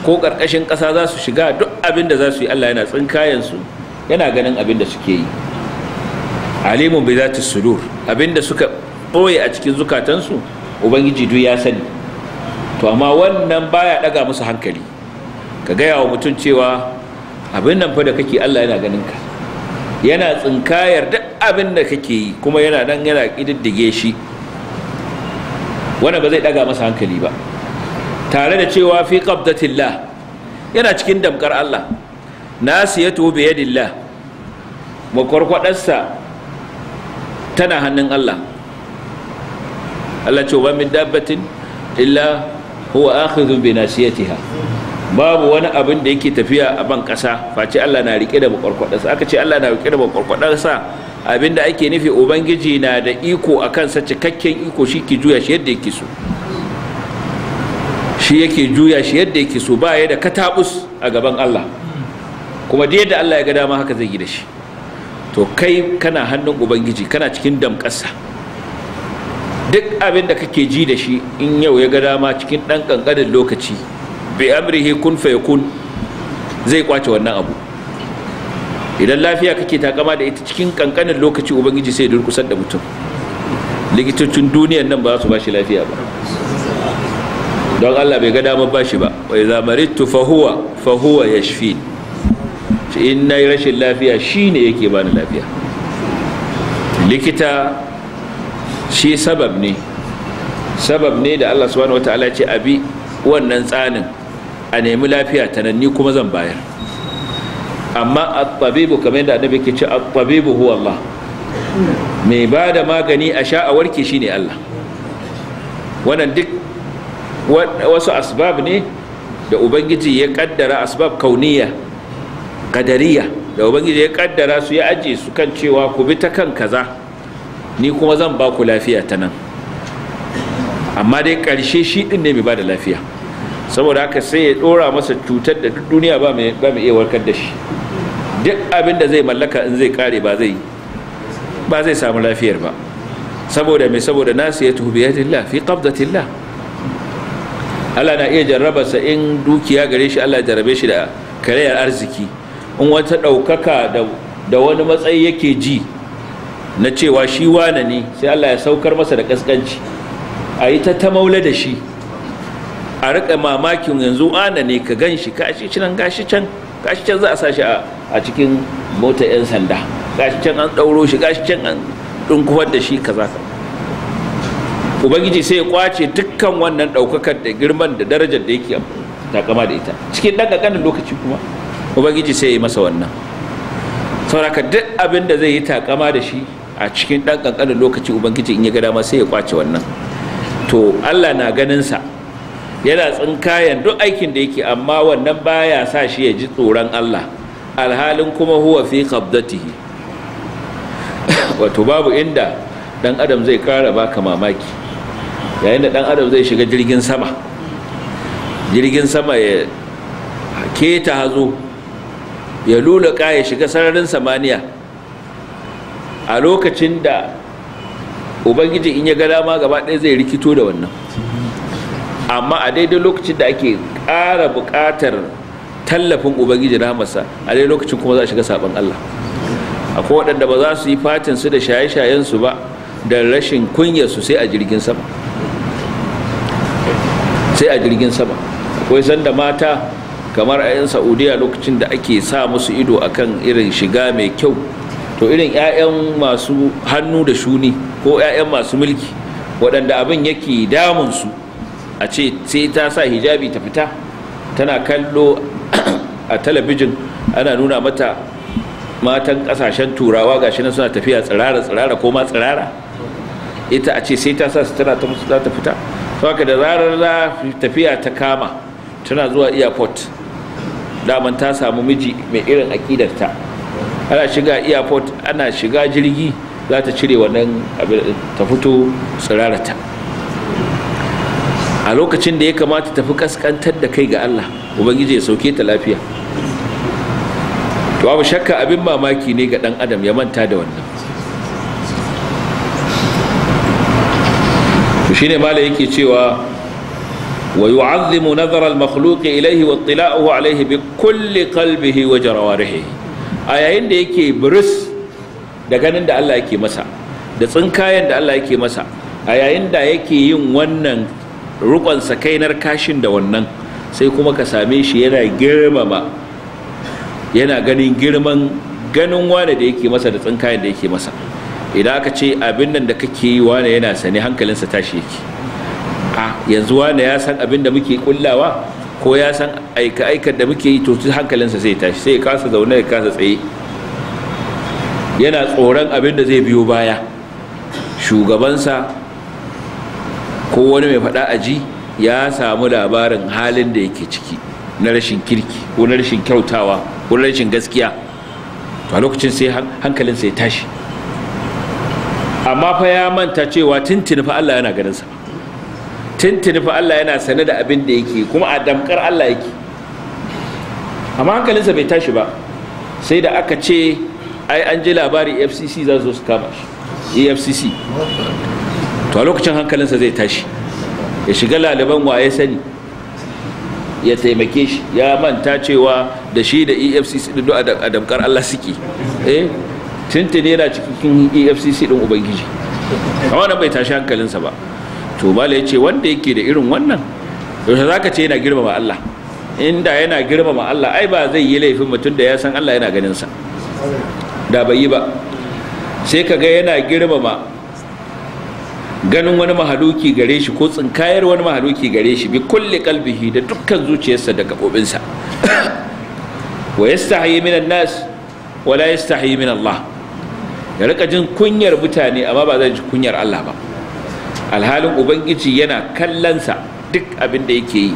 ko karkashin ƙasa za su shiga duk abin da za su yi Allah yana tsinkayen su yana ganin abin da suke yi alimun bi zati sudur abin da suka boye a cikin zukatansu ubangiji duk ya sani to amma wannan baya daga musu hankali ka gaya wa mutum cewa abin nan fa da kake Allah yana ganin ka yana tsinkayar duk abin da kake yi kuma yana nan yana ƙididdige shi wanda ba zai ɗaga masa hankali ba tare da cewa fi qabdatillah yana cikin damkar Allah nasiyatu bi yadillah makwarkwaɗarsa tana hannun Allah Allah ce wa min dabbatin illa huwa akhidhu bi nasiyatiha babu wani abin da yake tafiya a ban ƙasa face Allah na rike da bakwarkwadarsa aka ce Allah na rike da sa abin da ake nufi ubangiji na da iko a kansa cikakken iko shi ke juya shi yadda yake so shi yake juya shi yadda yake so ba ya da katabus a gaban Allah kuma da yadda Allah ya ga dama haka zai yi da shi to kai kana hannun ubangiji kana cikin damƙarsa duk abin da kake ji da shi in yau ya ga dama cikin ɗan ƙanƙanin lokaci bi amrihi kun yakun zai kwace wannan abu idan lafiya kake takama da ita cikin kankanin lokaci ubangiji sai durkusar da mutum likitocin duniyan nan ba za su ba shi lafiya ba don allah bai ga damar ba shi ba wai zamarittu fahuwa fahuwa ya shi in na rashin lafiya shi ne yake bani lafiya likita shi sabab ne sabab ne da allah subhanahu wa ta'ala ce abi wannan tsanin a nemi lafiya ta nan ni kuma zan bayar amma at-tabibu kamar yadda annabi ke ce at-tabibu huwa Allah mai ba da magani a sha a warke shine Allah wannan duk wasu asbab ne da ubangiji ya kaddara asbab kauniya kadariya da ubangiji ya kaddara su ya aje su kan cewa ku bi ta kan kaza ni kuma zan ba ku lafiya ta nan amma dai ƙarshe shi ɗin ne mai ba da lafiya saboda haka sai ya dora masa cutar da duk duniya ba mai iya warkar da shi duk abin da zai mallaka in zai kare ba zai ba zai samu lafiyar ba saboda mai saboda nasu ya tuhu biyadillah fi qabdatillah Allah na iya jarrabarsa in dukiya gare shi Allah jarrabe shi da karayar arziki in wata ɗaukaka da wani matsayi yake ji na cewa shi wane ne sai Allah ya saukar masa da ƙasƙanci a yi ta ta maula da shi a rika mamakin yanzu ana ne ka gan shi kashi can gashi can gashi can za a sa shi a cikin mota 'yan sanda gashi can an ɗauro shi gashi can an ɗunkuwar da shi ka ubangiji sai ya kwace dukkan wannan ɗaukakar da girman da darajar da yake takama da ita cikin ɗan ƙanƙanin lokaci kuma ubangiji sai ya masa wannan sauraka duk abin da zai yi takama da shi a cikin ɗan ƙanƙanin lokaci ubangiji in ya ga dama sai ya kwace wannan to allah na ganin sa yana tsinkayen duk aikin da yake amma wannan baya sa shi ya ji tsoron Allah alhalin kuma huwa fi qabdatihi wato babu inda dan adam zai kara baka mamaki yayin da dan adam zai shiga jirgin sama jirgin sama ya keta hazo ya lulaka ya shiga sararin samaniya a lokacin da ubangiji in ya ga dama gaba ɗaya zai rikito da wannan amma a daidai lokacin da ake ƙara buƙatar tallafin ubangiji na masa a daidai lokacin kuma za a shiga sabon Allah akwai waɗanda ba za su yi fatin su da shaye-shayen su ba da rashin kunya su sai a jirgin sama sai a jirgin sama akwai sanda mata kamar a 'yan saudiya lokacin da ake sa musu ido akan irin shiga mai kyau to irin 'ya'yan masu hannu da shuni ko 'ya'yan masu mulki waɗanda abin yake damunsu su a ce sai ta sa hijabi ta fita tana kallo a talabijin ana nuna mata matan kasashen turawa gashi nan suna tafiya tsirara tsirara ko ma tsirara ita a ce sai ta sa tana ta musu za ta fita haka da zarar za tafiya ta kama tana zuwa airport daman ta samu miji mai irin akidarta ana shiga airport ana shiga jirgi za ta cire wannan abin ta fito tsirarata a lokacin da ya kamata tafi kaskantar da kai ga Allah ubangiji ya sauke ta lafiya to abu shakka abin mamaki ne ga dan adam ya manta da wannan shine mala yake cewa wa yu'azzimu nazar al-makhluq ilayhi wa alayhi bi kulli qalbihi wa jarawarihi a yayin da yake buris da ganin da Allah yake masa da tsinkayen da Allah yake masa a yayin da yake yin wannan rukonsa kainar kashin da wannan sai kuma ka same shi yana girmama yana ganin girman ganin wane da yake masa da tsinkayen da yake masa idan aka ce abin nan da kake yi wane yana sani hankalinsa tashi yake a yanzu wane ya san abin da muke kullawa ko ya san aika aikar da muke yi to hankalinsa sai tashi sai ya kasa zaune ya kasa tsaye yana tsoron abin da zai biyo baya shugabansa ko wani mai faɗa aji ya samu labarin halin da yake ciki na rashin kirki ko na rashin kyautawa ko na rashin gaskiya to a lokacin sai hankalinsa ya tashi amma fa ya manta cewa tuntuni fa Allah yana ganinsa tuntuni fa Allah yana sane da abin da yake kuma a damkar Allah yake amma hankalinsa bai tashi ba sai da aka ce ai an ji labari fcc za su kama shi efcc to a lokacin hankalinsa zai tashi ya shiga laliban ya sani ya taimake shi ya manta cewa da shi da efcc din a damkar allah suke eh tuntuni yana cikin efcc din ubangiji amma nan bai tashi hankalinsa ba to bala ya ce wanda yake da irin wannan yaushe za ka ce yana girmama allah inda yana girmama allah ai ba zai yi laifin mutum da ya san allah yana ganinsa da bai yi ba sai ka ga yana girmama ganin wani mahaluki gare shi ko tsinkayar wani mahaluki gare shi bi kulli qalbihi da dukkan zuciyarsa da gabobinsa wa yastahi minan nas wa la yastahi min Allah ya rika jin kunyar mutane amma ba zai ji kunyar Allah ba alhalin ubangiji yana kallansa duk abin da yake yi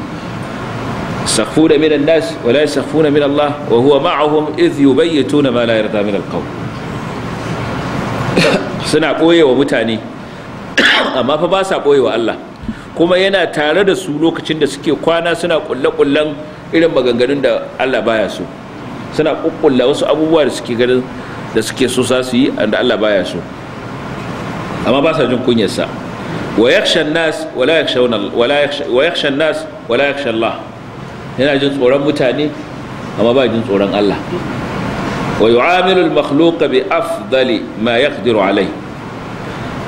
sakhuna minan nas wa la safuna min Allah wa huwa ma'ahum idh yubayyituna ma la yarda min al [COUGHS] suna ɓoye wa mutane amma fa ba sa ɓoye wa Allah kuma yana tare da su lokacin da suke kwana suna kulle-kullen irin maganganun da Allah baya so suna kukkulla wasu abubuwa da suke ganin da suke so sa su yi da Allah baya so amma ba sa jin kunyarsa wa yakhsha wa la wa yakhsha nas wa la yakhsha Allah yana jin tsoron mutane amma ba jin tsoron Allah wa yu'amilu al-makhluqa bi afdali ma yaqdiru alayhi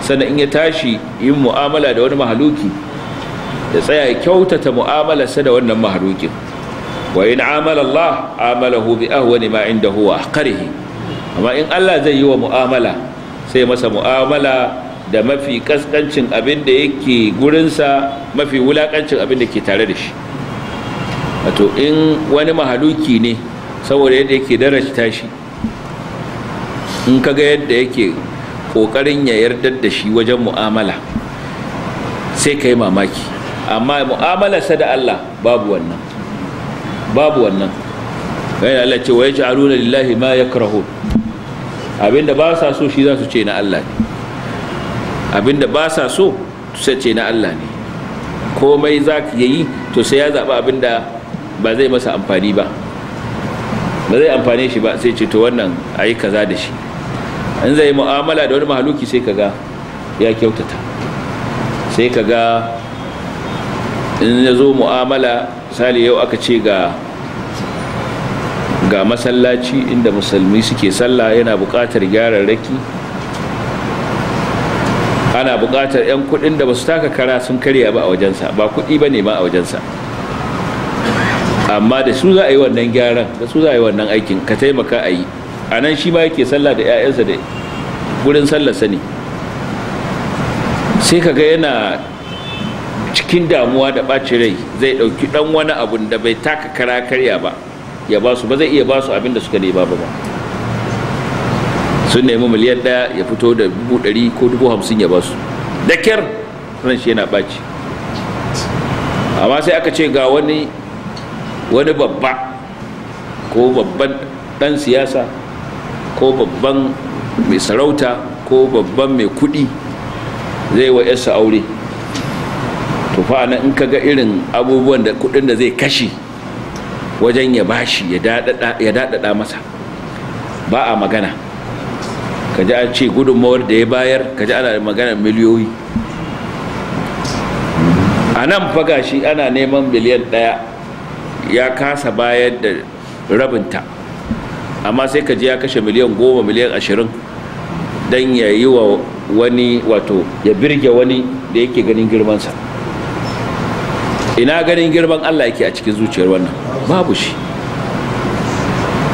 sannan in ya tashi yin mu'amala da wani mahaluki ya tsaya ya kyautata mu'amalarsa da wannan mahalukin wa in amala Allah amalahu bi ahwani ma indahu wa ahqarihi amma in Allah zai yi wa mu'amala sai masa mu'amala da mafi kaskancin abin da yake gurinsa mafi wulakancin abin da ke tare da shi wato in wani mahaluki ne saboda yadda yake darajta shi in kaga yadda yake ƙoƙarin ya yarda da shi wajen mu'amala sai ka yi mamaki amma mu'amalarsa da Allah babu wannan babu wannan kai Allah ce wa yaj'aluna lillahi ma yakrahun abinda ba sa so shi za su ce na Allah ne abinda ba sa so su ce na Allah ne komai za ka yi to sai ya zaɓi abinda ba zai masa amfani ba ba zai amfane shi ba sai ce to wannan a yi kaza da shi in zai mu'amala da wani mahaluki sai kaga ya kyautata sai kaga in ya zo mu'amala sali yau aka ce ga ga masallaci inda musulmi suke sallah yana buƙatar raki ana buƙatar 'yan kuɗin da basu taka kara sun karya ba a wajensa ba kuɗi ba ne ma a wajensa amma da su za a yi wannan gyaran da su za a yi wannan aikin ka taimaka a yi a nan shi ba yake sallah da 'ya'yansa da gurin sallar sani. sai kaga yana cikin damuwa da ɓacin rai zai ɗauki ɗan wani abu da bai taka kara karya ba ya ba su ba zai iya ba su abin da suka nema ba ba sun nemi miliyan ɗaya ya fito da dubu ɗari ko dubu hamsin ya ba su da kyar ran shi yana ɓaci amma sai aka ce ga wani wani babba ko babban ɗan siyasa ko babban mai sarauta ko babban mai kuɗi zai wa yasa aure to fa in ka ga irin abubuwan da kuɗin da zai kashe wajen ya bashi ya daɗaɗa masa ba a magana ka ji an ce gudunmawar da ya bayar ka ji ana maganar miliyoyi a nan faga shi ana neman miliyan ɗaya ya kasa bayar da rabinta amma sai ka je ya kashe miliyan goma miliyan ashirin don ya yi wa wani wato ya birge wani da yake ganin girmansa ina ganin girman allah yake a cikin zuciyar wannan babu shi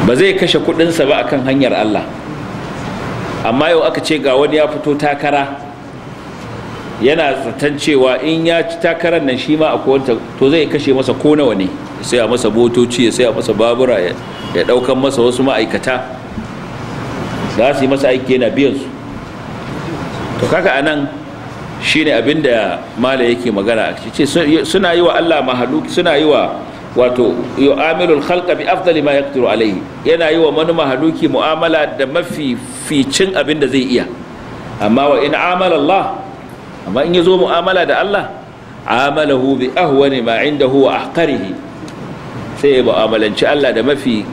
ba zai kashe kudinsa ba akan hanyar allah amma yau aka ce ga wani ya fito takara yana zaton cewa in ya ci takarar nan shi ma a kowanta to zai kashe masa ko nawa ne ya saya masa motoci ya saya masa babura ya daukan masa wasu ma'aikata za su yi masa aiki yana biyan su to kaga anan shine abinda mala yake magana ce suna yi wa Allah mahaluk suna yi wa wato yu'amilul khalqa bi afdali ma yaqdiru alayhi yana yi wa manu mahaluki mu'amala da mafi ficin abinda zai iya amma wa in amala Allah amma in yazo mu'amala da Allah amalahu bi ahwani ma indahu wa ahqarihi sai ya mu'amalanci Allah da mafi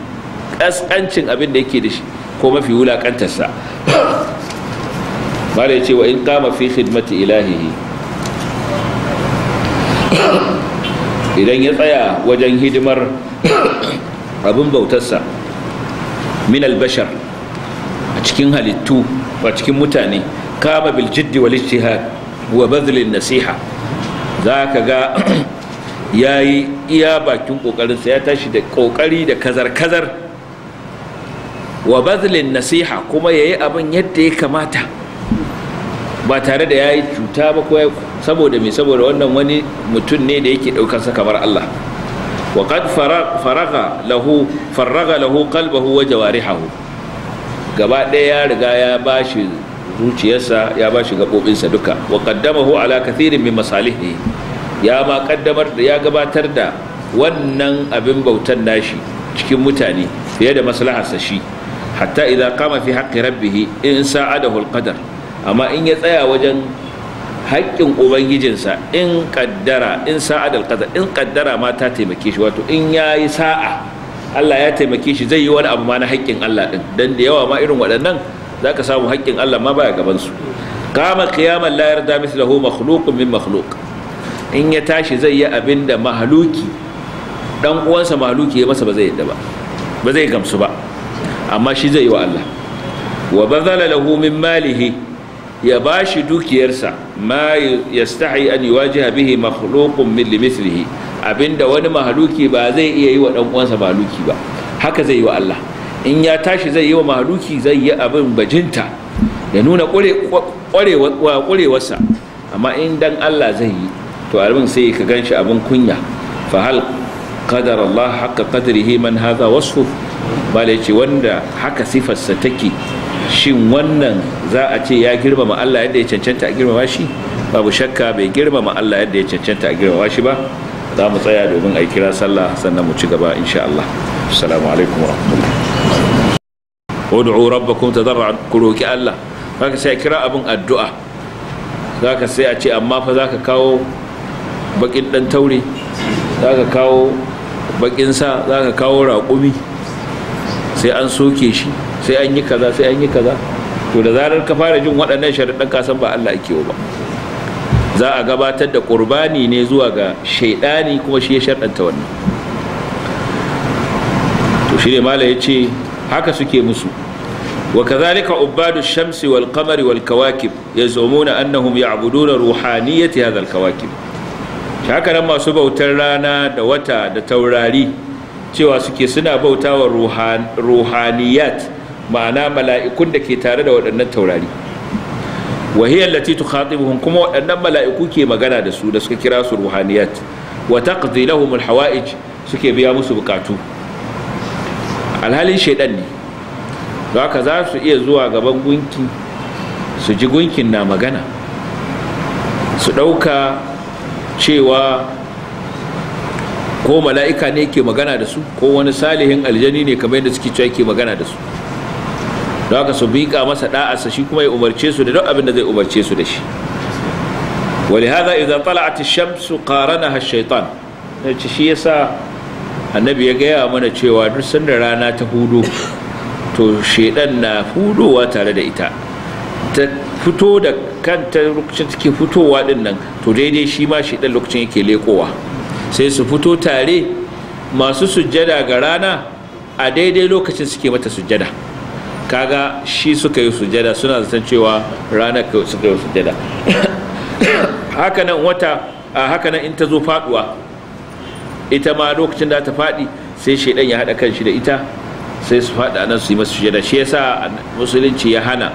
ƙasƙancin abin da yake da shi ko mafi wulakantarsa [COUGHS] mala ya ce wa in kama fi khidmati ilahihi
[COUGHS]
idan ya tsaya wajen hidimar [COUGHS] abin bautarsa min albashar a cikin halittu a cikin mutane kama biljiddi wal ijtihad wa bazlin nasiha za ka ga ya yi iya bakin ƙoƙarinsa ya tashi da ƙoƙari da kazar-kazar wa bazlin nasiha kuma ya yi abin yadda ya kamata ba tare da ya yi cuta ba ko saboda mai saboda wannan wani mutum ne da yake ɗaukarsa kamar Allah wa qad faraga lahu farraga lahu qalbahu wa gaba ɗaya ya riga ya bashi zuciyarsa ya bashi gaɓoɓinsa duka wa qaddamahu ala kathirin min masalihi ya ma kaddamar da ya gabatar da wannan abin bautan nashi cikin mutane fiye da maslaharsa shi hatta idan kama fi haƙƙi rabbihi in sa'adahu alqadar amma in ya tsaya wajen haƙƙin ubangijinsa in kaddara in in kaddara ma ta taimake shi wato in yi sa'a Allah ya taimake shi zai yi wani abu ma na haƙƙin Allah ɗin dan da yawa ma irin waɗannan zaka samu haƙƙin Allah ma baya gabansu. kama qiyaman la yarda mithluhu makhluqun min makhluq in ya tashi zai yi abin da mahaluki dan uwansa mahaluki ya masa ba zai yadda ba ba zai gamsu ba amma shi zai yi wa Allah wa bazala lahu min malihi ya bashi dukiyarsa ma yastahi an yuwajiha bihi makhluqun min limithlihi abinda wani mahaluki ba zai iya yi wa dan uwansa mahaluki ba haka zai yi wa Allah in ya tashi zai yi wa mahaluki zai yi abin bajinta da nuna kwarewarsa amma in dan Allah zai yi to abin sai ka ganshi abin kunya fa hal qadar Allah haka qadrihi man hadha wasfu bala yace wanda haka sifarsa take shin wannan za a ce ya girmama Allah yadda ya cancanta a girmama shi babu shakka bai girmama Allah yadda ya cancanta a girmama shi ba za mu tsaya domin a kira sallah sannan mu ci gaba insha Allah assalamu alaikum wa rahmatullahi ud'u rabbakum tadarru'an ku roki Allah haka sai kira abin addu'a zaka sai a ce amma fa zaka kawo bakin dan taure za ka kawo bakin sa za ka kawo raƙumi sai an soke shi sai an yi kaza sai an yi kaza to da zarar ka fara jin waɗannan sharaɗin ka san ba Allah ake ba za a gabatar da ƙurbani ne zuwa ga shaidani kuma shi ya sharɗanta wannan to shi ne mala ya ce haka suke musu وكذلك عباد الشمس والقمر والكواكب يزعمون أنهم يعبدون روحانية هذا الكواكب shakaran masu bautar rana da wata da taurari cewa suke suna bauta wa ruhaniyat ma'ana mala'ikun da ke tare da waɗannan taurari wahiyar lati tukhatibuhum kuma waɗannan mala'iku ke magana da su da suka kira su ruhaniyat wa taqdi lahum alhawaij suke biya musu bukatu alhalin shaidan ne don haka za su iya zuwa gaban gunki su ji gunkin na magana su ɗauka cewa ko mala'ika ne ke magana da su ko wani salihin aljani ne kamar yadda suke cewa ke magana da su don haka su biƙa masa ɗa'arsa shi kuma ya umarce su da duk abin da zai umarce su da shi haza ولهذا إذا طلعت الشمس shaitan. الشيطان ce shi yasa annabi ya gaya mana cewa duk sanda rana ta hudu to shedan na hudowa tare da ita ta fito da kanta lokacin take fitowa din nan to daidai shi ma shi ɗan lokacin yake lekowa sai su fito tare masu sujjada ga rana a daidai lokacin suke mata sujjada kaga shi suka yi sujjada suna zaton cewa rana suka yi sujjada [COUGHS] hakanan wata hakanan in ta zo faduwa ita ma lokacin da ta faɗi sai shaidan ya haɗa kan shi da ita sai su faɗa nan su yi masu sujjada shi yasa musulunci ya hana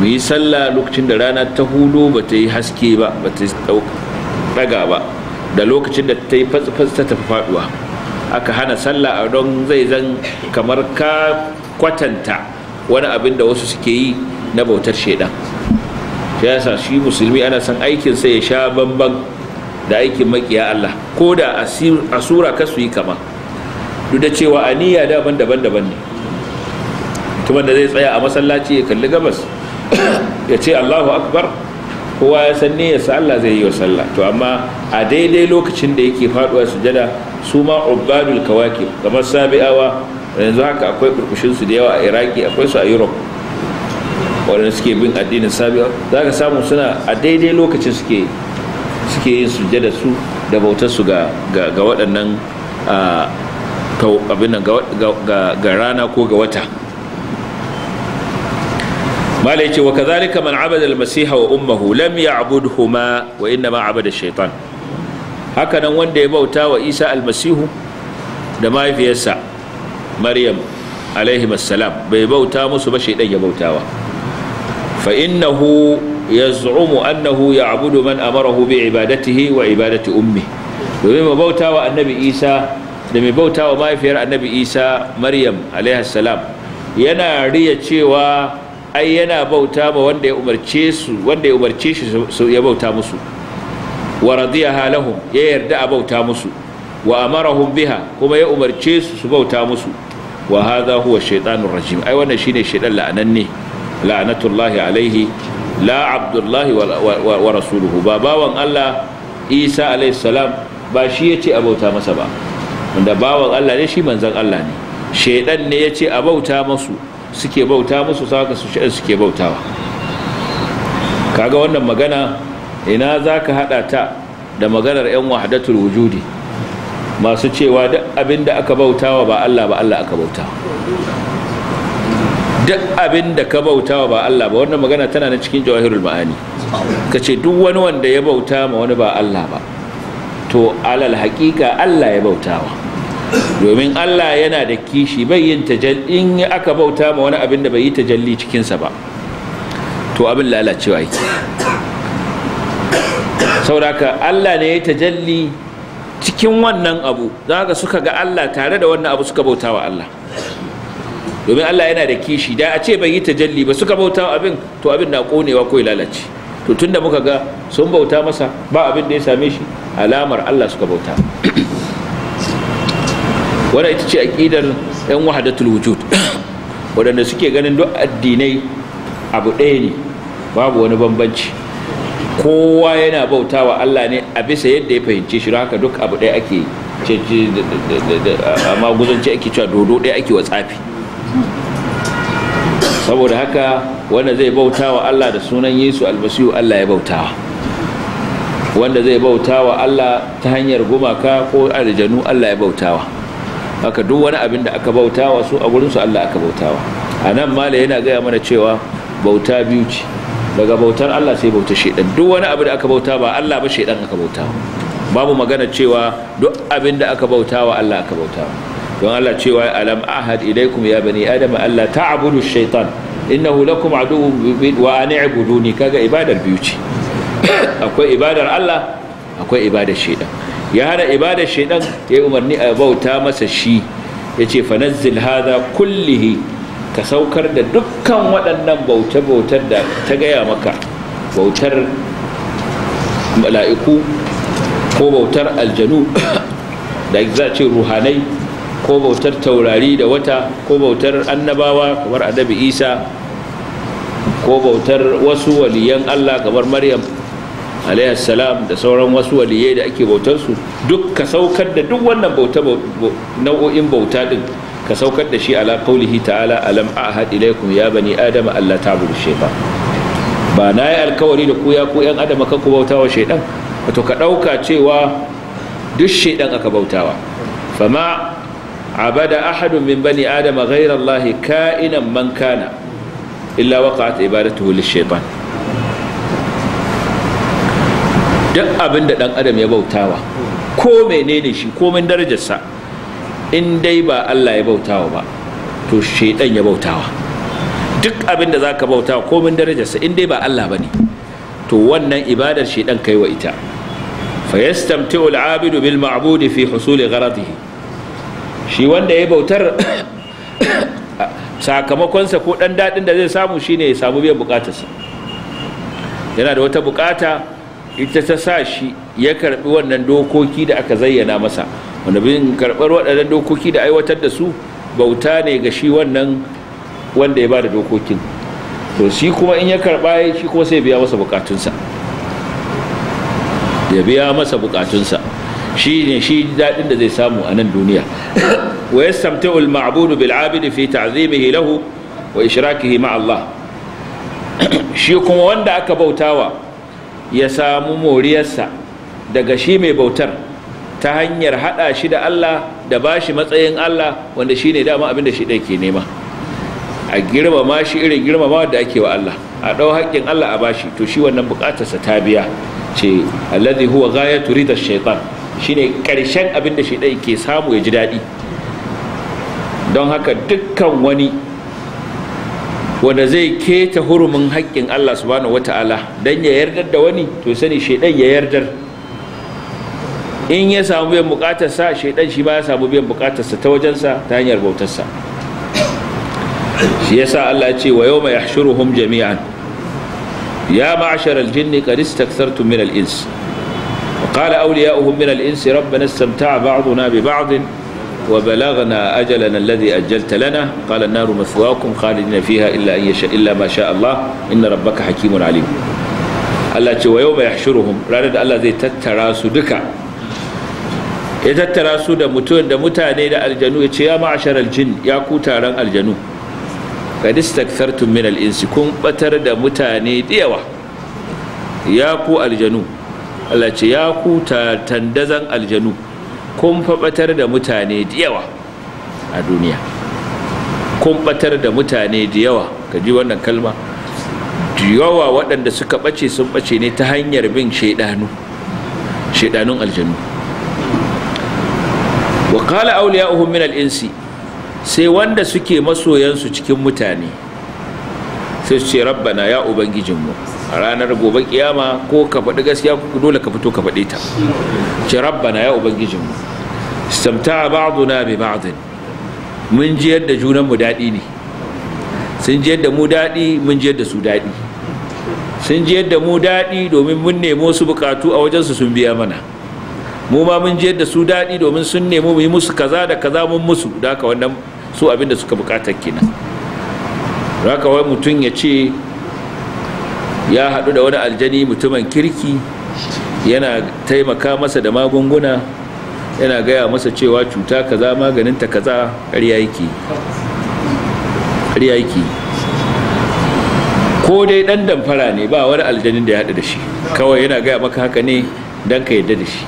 mu yi sallah lokacin da rana ta hudu ba ta yi haske ba ba ta daga ba da lokacin da ta yi fatsifas ta tafi faduwa aka hana sallah a don zai zan kamar ka kwatanta wani abin da wasu suke yi na bautar shaidan shi yasa shi musulmi ana son aikin sai ya sha bamban da aikin makiya Allah ko da a sura ka su yi kama duk da cewa aniya daban daban daban ne mutumin da zai tsaya a masallaci ya kalli gabas ya ce allahu akbar kowa ya san ne yasa allah zai yi wa sallah to amma a daidai lokacin da yake faduwa sujada su ma ubadul kawaki kamar sabi'awa yanzu haka akwai burkushin su da yawa a iraki akwai su a europe waɗanda suke bin addinin sabi'a za ka samu suna a daidai lokacin suke suke yin sujada su da bautar su ga waɗannan ah, ga rana ko ga wata malai ce wa kazalika man abada almasiha wa ummuhu lam ya'budhuma wa ma abada shaitan haka nan wanda ya bauta wa isa almasihu da mahaifiyarsa maryam alaihi salam bai bauta musu ba shaidan ya bautawa fa innahu yaz'umu annahu ya'budu man amarahu bi ibadatihi wa ibadati ummi domin mai bauta wa annabi isa da mai bauta wa mahaifiyar annabi isa maryam alaihi salam yana riya cewa ai yana bauta ma wanda ya umarce su wanda ya umarce shi su ya bauta musu wa radiyaha lahum ya yarda a bauta musu wa amarahum biha kuma ya umarce su su bauta musu wa hadha huwa shaytanur rajim ai wannan shine shaytan la'ananne la'anatullahi alaihi la abdullahi wa rasuluhu ba bawan Allah Isa alaihi salam ba shi yace a bauta masa ba wanda bawan Allah ne shi manzon Allah ne shaytan ne yace a bauta musu suke bauta musu saka su shi'ar suke bautawa kaga wannan magana ina za ka haɗa ta da maganar 'yan wahadatul wujudi masu cewa duk abin da aka bautawa ba Allah ba Allah aka bautawa duk abin da ka bautawa ba Allah ba wannan magana tana na cikin jawahirul ma'ani ka ce duk wani wanda ya bauta ma wani ba Allah ba to alal haƙiƙa Allah ya bautawa domin Allah yana da kishi bai yin tajalli in aka bauta ma wani abin da bai yi tajalli cikinsa ba to abin lalacewa yake sauraka Allah ne ya tajalli cikin wannan abu don haka suka ga Allah tare da wannan abu suka bauta wa Allah domin Allah yana da kishi da a ce bai yi tajalli ba suka bauta abin to abin na konewa ko ya lalace to tunda muka ga sun bauta masa ba abin da ya same shi alamar Allah suka bauta wannan ita ce aqidar yan wahadatul wujud [COUGHS] waɗanda suke ganin duk addinai abu ɗaya ne babu wani bambanci kowa yana bautawa Allah ne a bisa yadda ya fahimce shi haka duk abu ɗaya ake ce amma guzanci ake cewa dodo ɗaya ake wa tsafi saboda haka wanda zai bautawa Allah da sunan Yesu almasihu Allah ya bautawa wanda zai bautawa Allah ta hanyar gumaka ko aljanu Allah ya bautawa haka duk wani abin da aka wa su a gurinsu Allah aka wa. a nan mala yana gaya mana cewa bauta biyu ce daga bautar Allah sai bauta shaidan duk wani abu da aka bauta ba Allah ba shaidan aka bauta wa. babu magana cewa duk abin da aka wa Allah aka bauta wa. don Allah cewa alam ahad ilaikum ya bani adama Allah ta'budu shaitan innahu lakum aduwwun wa an kaga ibadar biyu ce [COUGHS] akwai ibadar Allah akwai ibadar shaidan ya hana ibadar shaidan ya yi umarni a bauta masa shi ya ce fanazzil haza kullihi ka saukar da dukkan waɗannan bauta-bautar da ta gaya maka bautar mala'iku ko bautar aljanu da za ce ruhanai ko bautar taurari da wata ko bautar annabawa kamar annabi isa ko bautar wasu waliyan allah kamar maryam alaihi salam da sauran wasu waliyai da ake bautarsu duk ka saukar da duk wannan bauta nau'o'in bauta din ka saukar da shi ala qaulihi ta'ala alam ahad ya bani adama ta ta'budu shaytan ba na yi alkawari da ku ya ku yan adama kan ku bautawa shaytan wato ka dauka cewa duk shaytan aka bautawa fama abada ahadun min bani adama ghayra allahi ka'inan man kana illa waqa'at ibadatuhu lish-shaytan duk abin da dan adam ya bautawa ko menene shi komin darajarsa in dai ba Allah ya bautawa ba to shaidan ya bautawa duk abin da zaka bautawa komin darajarsa in dai ba Allah bane to wannan ibadar shaidan kai wa ita fayastamti'u al-'abidu bil ma'budi fi husuli gharadihi shi wanda ya bautar [COUGHS] sakamakonsa ko dan dadin da zai samu shine ya samu biyan bukatarsa yana da wata bukata ita ta sa shi ya karbi wannan dokoki da aka zayyana masa wanda bin karbar waɗannan dokoki da aiwatar da su bauta ne ga shi wannan wanda ya bada da dokokin to shi kuma in ya karba shi kuma sai biya masa bukatunsa ya biya masa bukatunsa shi ne shi daɗin da zai samu a nan duniya [COUGHS] wa yastamti'u al-ma'budu bil 'abidi fi ta'zimihi lahu wa ishrakihi ma Allah [COUGHS] shi kuma wanda aka bautawa ya samu moriyarsa daga shi mai bautar ta hanyar haɗa shi da Allah da ba shi matsayin Allah wanda shi ne dama abin da shi ke nema a girmama shi irin girmama da ake wa Allah a ɗau haƙƙin Allah a bashi to shi wannan buƙatarsa ta biya ce alladhi huwa ghayatu ridha shaytan shine ƙarshen abin da shi ke samu ya ji daɗi don haka dukkan wani wanda zai keta hurumin haƙƙin Allah subhanahu wata'ala dan ya yardar da wani to sani shedan ya yardar in ya samu biyan bukatar sa shedan shi ba ya samu biyan bukatar sa ta wajen sa ta hanyar bautar sa shi yasa Allah ya ce wa yawma yahshuruhum jami'an ya ma'ashar al-jinni qad istakthartum min al-ins وقال أولياؤهم من الإنس ربنا استمتع بعضنا ببعض وبلغنا أجلنا الذي أجلت لنا قال النار مثواكم خالدين فيها إلا أن يشاء إلا ما شاء الله إن ربك حكيم عليم Allah ce wa yau bai ranar da Allah zai tattara su duka ya tattara su da mutum da mutane da aljanu ya ce ya ma'ashar jin ya ku taron aljanu qad istakthartum min al-insi kun batar da mutane da ya ku aljanu ce ya aljanu kun faɓatar da mutane da yawa a duniya kun ɓatar da mutane da yawa ka ji wannan kalma da yawa waɗanda suka ɓace sun ɓace ne ta hanyar bin shaidanu shaidanun aljanu wa auliya awliya'uhum min al-insi sai wanda suke masoyansu cikin mutane sai su ce rabbana ya ubangijinmu a ranar gobe kiyama ko ka faɗi gaskiya dole ka fito ka faɗe ta ce rabbana ya ubangijinmu istamta'a na bi ba'din mun ji yadda junan mu daɗi ne sun ji yadda mu daɗi mun ji yadda su daɗi sun ji yadda mu daɗi domin mun nemo su bukatu a wajensu sun biya mana mu ma mun ji yadda su daɗi domin sun nemo mu yi musu kaza da kaza mun musu da haka wannan su abin da suka bukatar kenan raka wai mutum ya ce ya haɗu da wani aljani mutumin kirki yana taimaka masa da magunguna yana gaya masa cewa cuta kaza maganinta kaza ƙarya yake ƙarya yake ko dai ɗan damfara ne ba wani aljanin da ya haɗu da shi kawai yana gaya maka haka ne don ka yadda da shi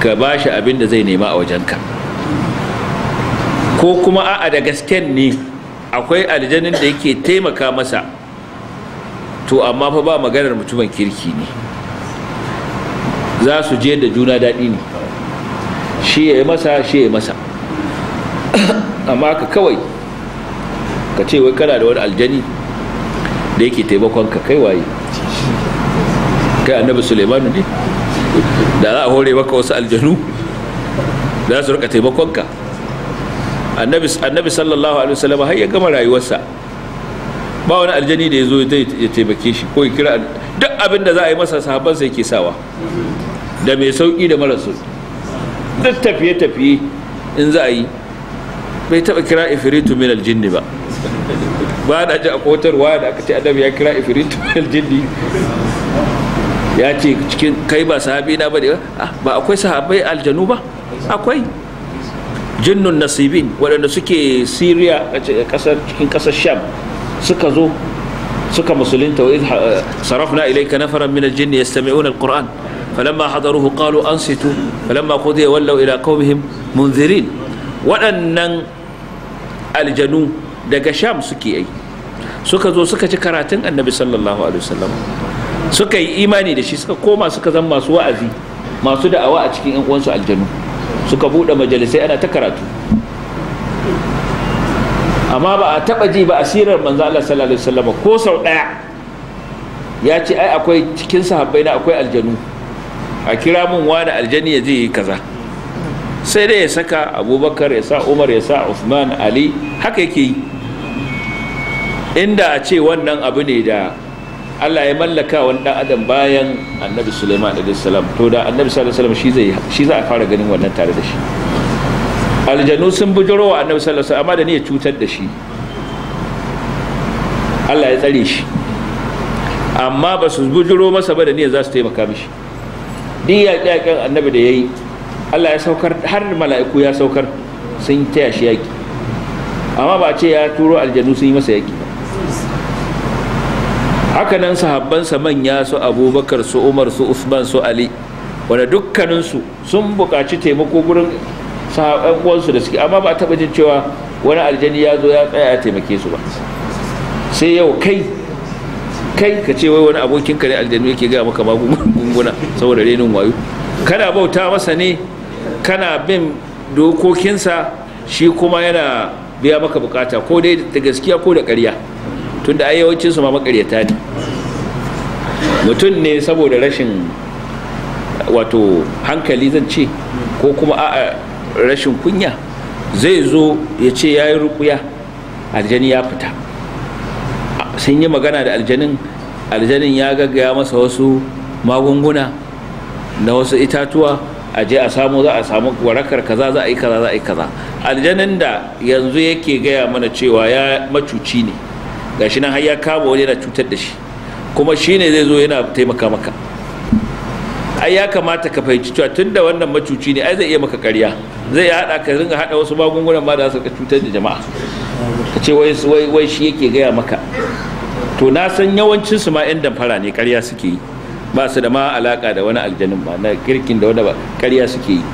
ka ba shi abin da zai nema a wajenka ko kuma a'a da gasken ne akwai aljanin da yake taimaka masa to amma fa ba maganar mutumin kirki ne za su je da juna daɗi ne shi ya yi masa shi ya yi masa [COUGHS] amma ka kawai ka ce wai kana da wani aljani da yake taimakon ka kai waye kai annabi suleimanu ne da za a hore maka wasu aljanu da za su rika taimakon ka annabi sallallahu alaihi wasallam har ya gama rayuwarsa ba wani aljani da ya zo ya taimake shi ko ya kira duk abin da za a yi masa sahabbansa ke sawa da mai sauki da mara sauki duk tafiye-tafiye in za a yi bai taɓa kira ifiritu min aljinni ba ba na ji a kotarwa da aka ce adam ya kira ifiritu min aljinni ya ce cikin kai ba sahabi na ba ne ah, ba akwai sahabai aljanu ba akwai jinnun nasibin waɗanda suke siriya kasar cikin kasar sham suka zo suka musulunta wa eh, sarafna ilayka nafaran min al-jinni yastami'una al-qur'an falamma hadaruhu qalu ansitu falamma qudiya wallaw ila qaumihim munzirin waɗannan aljanu daga sham suke yi suka zo suka ci karatun annabi sallallahu alaihi wasallam suka yi imani da shi suka koma suka zama masu wa'azi masu da'awa a cikin 'yan uwansu aljanu suka buɗe majalisai ana ta karatu amma ba a taɓa ji ba asirar manzo Allah sallallahu alaihi wasallam ko sau ɗaya ya ce ai akwai cikin sahabbai na akwai aljanu a kira mun wani aljani ya je kaza sai dai ya saka abubakar ya sa umar ya sa usman ali haka yake yi inda a ce wannan abu ne da Allah ya mallaka wani ɗan adam bayan annabi Sulaiman alaihi salam to da annabi sallallahu alaihi wasallam shi zai shi za a fara ganin wannan tare da shi aljanu sun bujuro wa annabi sallallahu alaihi wasallam amma da ne ya cutar da shi Allah ya tsare shi amma ba su bujuro masa ba da ne za su taimaka mishi duk yaƙe-yaƙen annabi da ya yi Allah ya saukar har mala'iku ya saukar sun taya shi yaƙi amma ba a ce ya turo aljanu sun yi masa yaƙi hakanan nan sahabbansa manya su abubakar su umar su usman su ali wanda dukkaninsu sun buƙaci taimako gurin uwansu da suke amma ba a taɓa jin cewa wani aljani ya zo ya tsaya ya taimake su ba sai yau kai kai ka ce wai wani abokin abokinka ne aljanu yake gaya maka magunguna saboda renin wayo kana bauta masa ne kana bin dokokinsa shi kuma yana biya maka bukata ko dai da gaskiya ko da ƙarya tun da ayyawacinsu su ma makaryata ne mutum ne saboda rashin wato hankali zan ce ko kuma a rashin kunya zai zo ya ce ya yi rukuya aljani ya fita sun yi magana da aljanin aljanin ya gaggaya masa wasu magunguna na wasu itatuwa a je a samu za a samu warakar kaza za a yi kaza za a yi kaza aljanin da yanzu yake gaya mana cewa ya macuci ne gashi nan har ya kama wani yana cutar da shi kuma shi ne zai zo yana taimaka maka ai ya kamata ka fahimci cewa tun da wannan macuci ne ai zai iya maka karya zai iya haɗa ka ringa haɗa wasu magungunan ma da su ka cutar da jama'a ka ce wai shi yake gaya maka to na san yawancin su ma 'yan damfara ne karya suke yi ba su da ma alaka da wani aljanin ba na kirkin da wani ba karya suke yi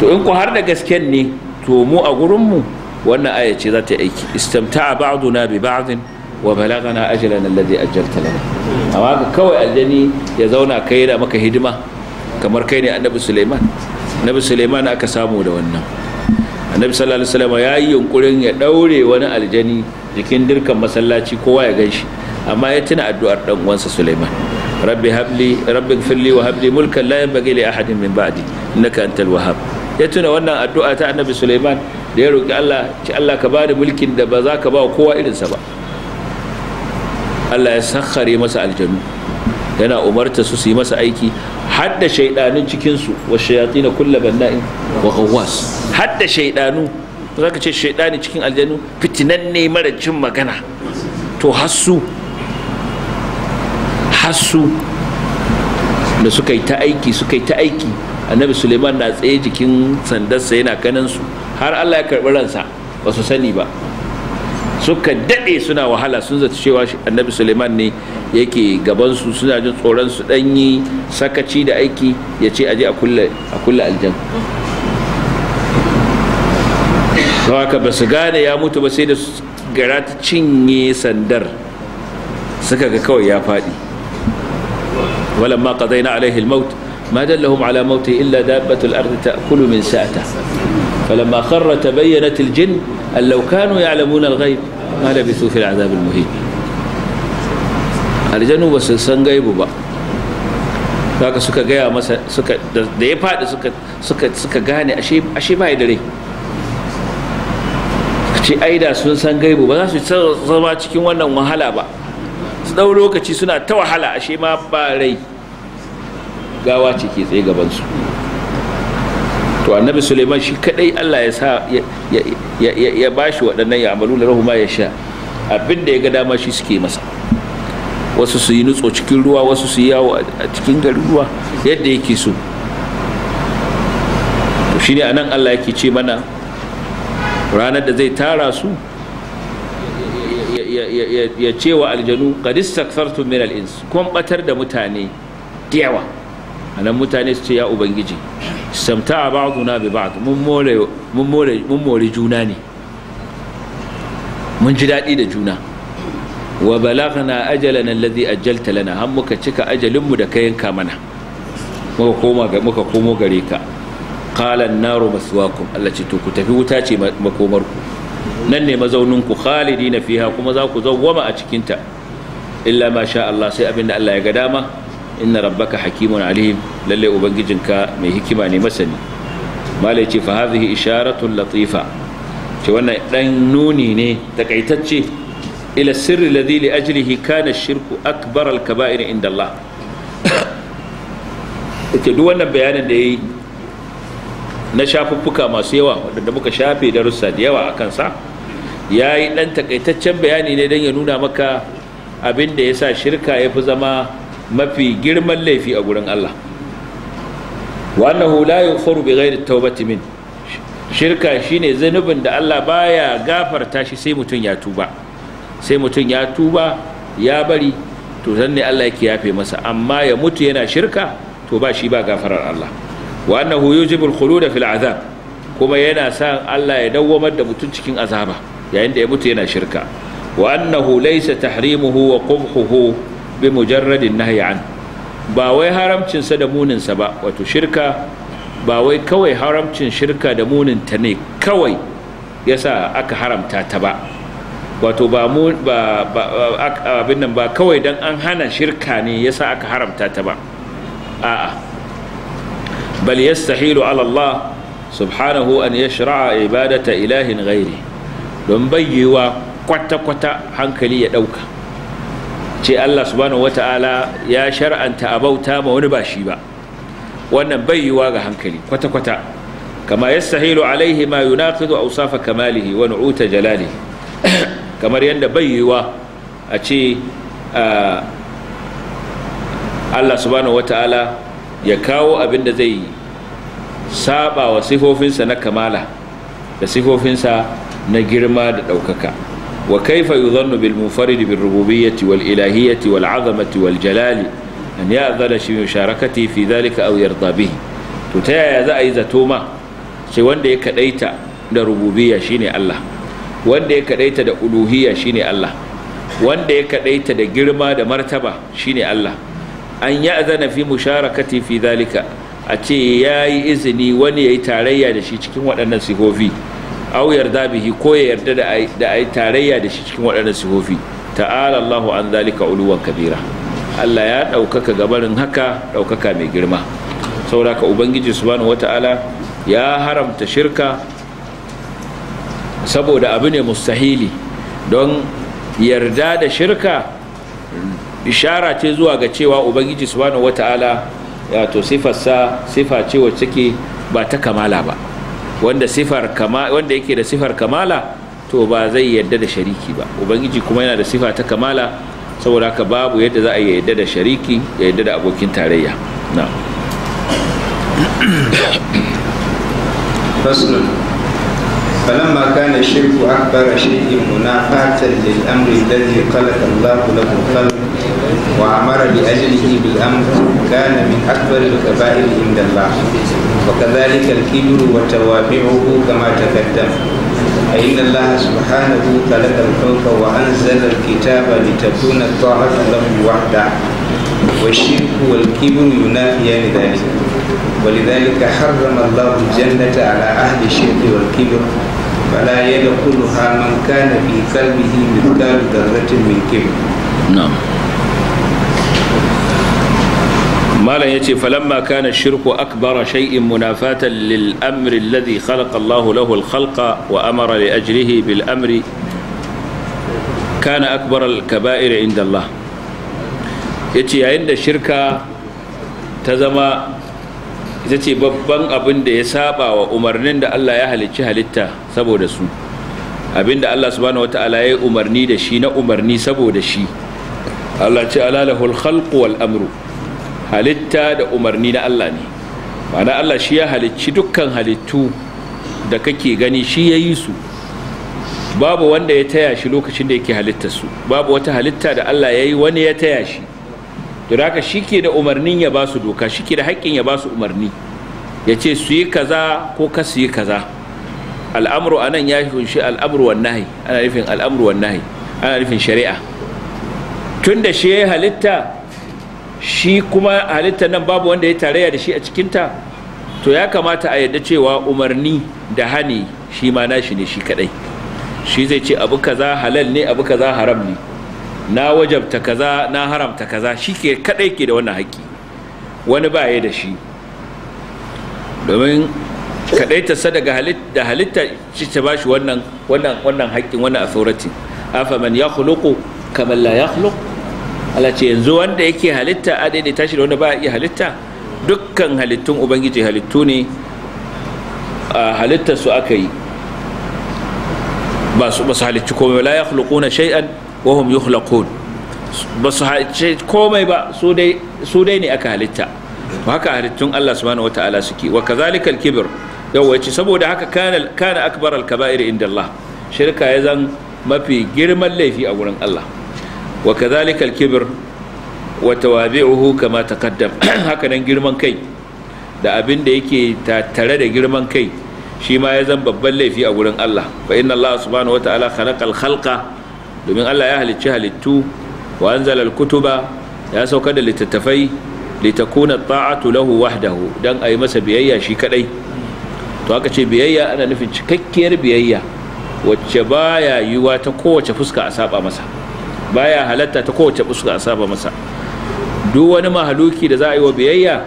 to in ku har da gasken ne to mu a gurinmu mu wannan aya ce za ta yi aiki istamta'a ba'duna bi ba'din wa balagana ajalana alladhi ajjalta lana amma kawai aljani ya zauna kai da maka hidima kamar kai ne annabi Suleiman annabi Suleiman aka samu da wannan annabi sallallahu alaihi wasallam ya yi yunkurin ya daure wani aljani jikin dirkan masallaci kowa ya ganshi amma ya tuna addu'ar dan uwansa Suleiman rabbi habli rabbi gfirli wa habli mulkan la yanbaghi li ahadin min ba'di innaka antal wahhab ya tuna wannan addu'a ta annabi Suleiman da ya roƙi Allah ci Allah ka bada mulkin da ba za ka ba kowa irinsa ba Allah ya sakhare masa aljanu yana umarta su su yi masa aiki hadda shaidanin cikinsu, su wa shayatin kullu banna'in wa ghawwas hadda shaidanu za ka ce shaidani cikin aljanu Fitinan ne mara jin magana to hassu hassu da suka yi ta aiki suka yi ta aiki annabi suleiman na tsaye jikin sandarsa yana ganin su har Allah ya karɓi ransa ba su sani ba suka daɗe suna wahala sun zata cewa annabi suleiman ne yake gabansu suna jin tsoron su ɗanyi sakaci da aiki ya ce aje a kulle aljan haka ba su gane ya mutu ba sai da gara ta cinye sandar suka ga kawai ya faɗi walamma na alaihi almaut ma dallahum ala mauti illa dabbatul ardi ta'kulu min sa'ata فلما خر تبينت الجن أن لو كانوا يعلمون الغيب ما لبثوا في العذاب المهين aljanu ba su san gaibu ba haka suka gaya masa suka da ya faɗi suka gane ashe ba bai da rai ce aida sun san gaibu ba za su zama cikin wannan wahala ba su ɗau lokaci suna ta wahala ashe ma ba rai gawa ce ke tsaye gabansu to annabi suleiman shi kadai Allah ya sa ya bashi waɗannan ya amalu da ma ya sha abin da ya ga dama shi suke masa wasu su yi nutso cikin ruwa wasu su yi yawo a cikin garin ruwa yadda yake so to shine nan Allah yake ce mana ranar da zai tara su ya ce wa aljanu kadis saksartun minal ins kun batar da mutane da yawa anan mutane su ce ya ubangiji samta a bi ba'd mun more mun mun more juna ne mun ji daɗi da juna wa ajala ajalana alladhi ajjalta lana har muka cika ajalinmu da kayan mana muka komo gare ka qala an-naru Allah ce to ku tafi wuta ce makomarku ku nan ne mazaunin ku na fiha kuma za ku zawwama a cikin ta illa ma sha Allah sai abinda Allah ya ga dama inna rabbaka hakimun alim lalle ubangijinka mai hikima ne masani malai ce fa hadhihi isharatun latifa ce wannan dan nuni ne takaitacce ila sirri ladhi li ajlihi kana shirku akbar al kaba'ir inda Allah ita duk wannan bayanin da yayi na shafuffuka masu yawa wadanda muka shafe darussa da yawa akan sa yayi dan takaitaccen bayani ne dan ya nuna maka abin da sa shirka ya fi zama mafi girman laifi a gurin Allah wannan la yughfaru bi ghairi tawbati min shirka shine zanubin da Allah baya gafarta shi sai mutum ya tuba sai mutum ya tuba ya bari to zan ne Allah yake yafe masa amma ya mutu yana shirka to ba shi ba gafarar Allah wa annahu yujibul khulud fil azab kuma yana sa Allah ya dawwamar da mutum cikin azaba yayin da ya mutu yana shirka wa annahu laysa tahrimuhu wa qubhuhu bi mujarradin nahyi an ba wai haramcin sa da munin sa ba wato shirka ba wai kawai haramcin shirka da munin ta ne kawai yasa aka haramta ta ba wato ba mu ba abin nan ba kawai dan an hana shirka ne yasa aka haramta ta ba a'a bal yastahilu ala Allah subhanahu an yashra'a ibadata ilahin ghairi don bayyewa kwata-kwata hankali ya ɗauka. ce Allah subhanahu wata'ala ya shar'anta a bauta ma wani ba shi ba wannan bai yiwa ga hankali kwata-kwata kama sahilu alaihi ma yunaqidu awsafa kamalihi wa nu'uta jalalihi [COUGHS] kamar yadda bai yiwa a ce Allah subhanahu wata'ala ya kawo abin da zai saba wa sifofinsa na kamala da sifofinsa na girma da ɗaukaka wa kaifa yuzannu bil munfarid bil rububiyyati wal ilahiyyati wal azamati wal jalali an ya'dhala shi musharakati fi dhalika aw yarda bihi to ta yaya za a yi zato ma ce wanda ya kadaita da rububiyya shine Allah wanda ya kadaita da uluhiyya shine Allah wanda ya kadaita da girma da martaba shine Allah an ya'zana fi musharakati a ce yayi izini wani yayi tarayya da shi cikin waɗannan sihofi aw yarda bihi ko ya yarda da ai tarayya da shi cikin waɗannan sifofi ta'ala Allahu an zalika uluwan kabira Allah ya ɗaukaka gabarin haka ɗaukaka mai girma saboda ka ubangiji subhanahu wata'ala ya haramta shirka saboda abu ne mustahili don yarda da shirka ishara ce zuwa ga cewa ubangiji subhanahu wata'ala ya to sifarsa sifa ce wacce take ba ta kamala ba wanda sifar kama wanda yake da sifar kamala to ba zai yadda da shariki ba ubangiji kuma yana da sifa ta kamala saboda haka babu yadda za a yi yadda da shariki ya yadda da abokin tarayya na
فلما كان الشرك أكبر شيء منافاة للأمر الذي خلق الله له خلق وأمر بأجله بالأمر كان من أكبر الكبائر عند الله وكذلك الكبر وتوابعه كما تقدم فإن الله سبحانه خلق الخلق وأنزل الكتاب لتكون الطاعة له وحده والشرك والكبر ينافيان ذلك ولذلك حرم الله الجنة على أهل الشرك والكبر فلا يدخلها من كان في قلبه مثقال ذرة من كبر نعم no.
malam ya ce falamma kana shirku akbara shay'in munafatan lil amri alladhi khalaqa Allahu lahu al wa amara li ajlihi bil amri kana akbar al kaba'ir inda Allah yace yayin da shirka ta zama ita ce babban abin da ya saba wa umarnin da Allah ya halicci halitta saboda su abinda Allah subhanahu wata'ala ya umarni da shi na umarni saboda shi Allah ce alalahul khalqu wal amru halitta da umarni na Allah ne ma'ana Allah shi ya halicci dukkan halittu da kake gani shi ya yi su babu wanda ya taya shi lokacin da yake halitta su babu wata halitta da Allah ya yi wani ya taya shi to haka shi ke da umarnin ya ba su doka shi ke da haƙƙin ya ba su umarni ya ce su yi kaza ko ka su yi kaza al'amru a nan ya kunshi al'amru wannan ana nufin ana nufin shari'a tun da shi ya yi halitta shi kuma halittar nan babu wanda ya tarayya da shi a cikinta to ya kamata a yadda cewa umarni da hani shi ma nashi ne shi kadai shi zai ce abu kaza halal ne abu kaza haram ne na wajabta kaza na haramta kaza shi ke kadai ke da wannan haƙƙi wani ba ya da shi domin kadai ta sa da halitta shi ta bashi wannan wannan wannan haƙƙin wannan authority afa man yakhluqu kaman la yakhluqu Allah ce yanzu wanda yake halitta a daidaita shi da wanda ba iya halitta dukkan halittun ubangiji halittu ne a halittar su aka yi ba su halicci komai la yakhluquna shay'an wa hum yukhlaqun ba su halicci komai ba su dai ne aka halitta haka halittun Allah subhanahu wataala suke wa kazalika al-kibr yawa yace saboda haka kana kana akbar al-kaba'ir inda Allah shirka ya zan mafi girman laifi a gurin Allah wa kadhalika al-kibr wa tawabi'uhu kama taqaddam hakanan girman kai da abin da yake tattare da girman kai shi ma ya zan babban laifi a wurin Allah fa inna Allah subhanahu wata'ala khalaqal khalqa domin Allah ya halicci halittu wa anzala al-kutuba ya sauka da littattafai litakuna ta'atu lahu wahdahu dan ayi masa biyayya shi kadai to haka ce biyayya ana nufin cikakkiyar biyayya wacce baya yiwa ta kowace fuska a saba masa baya halatta ta kowace fuska a saba masa duk wani mahaluki da za a yi wa biyayya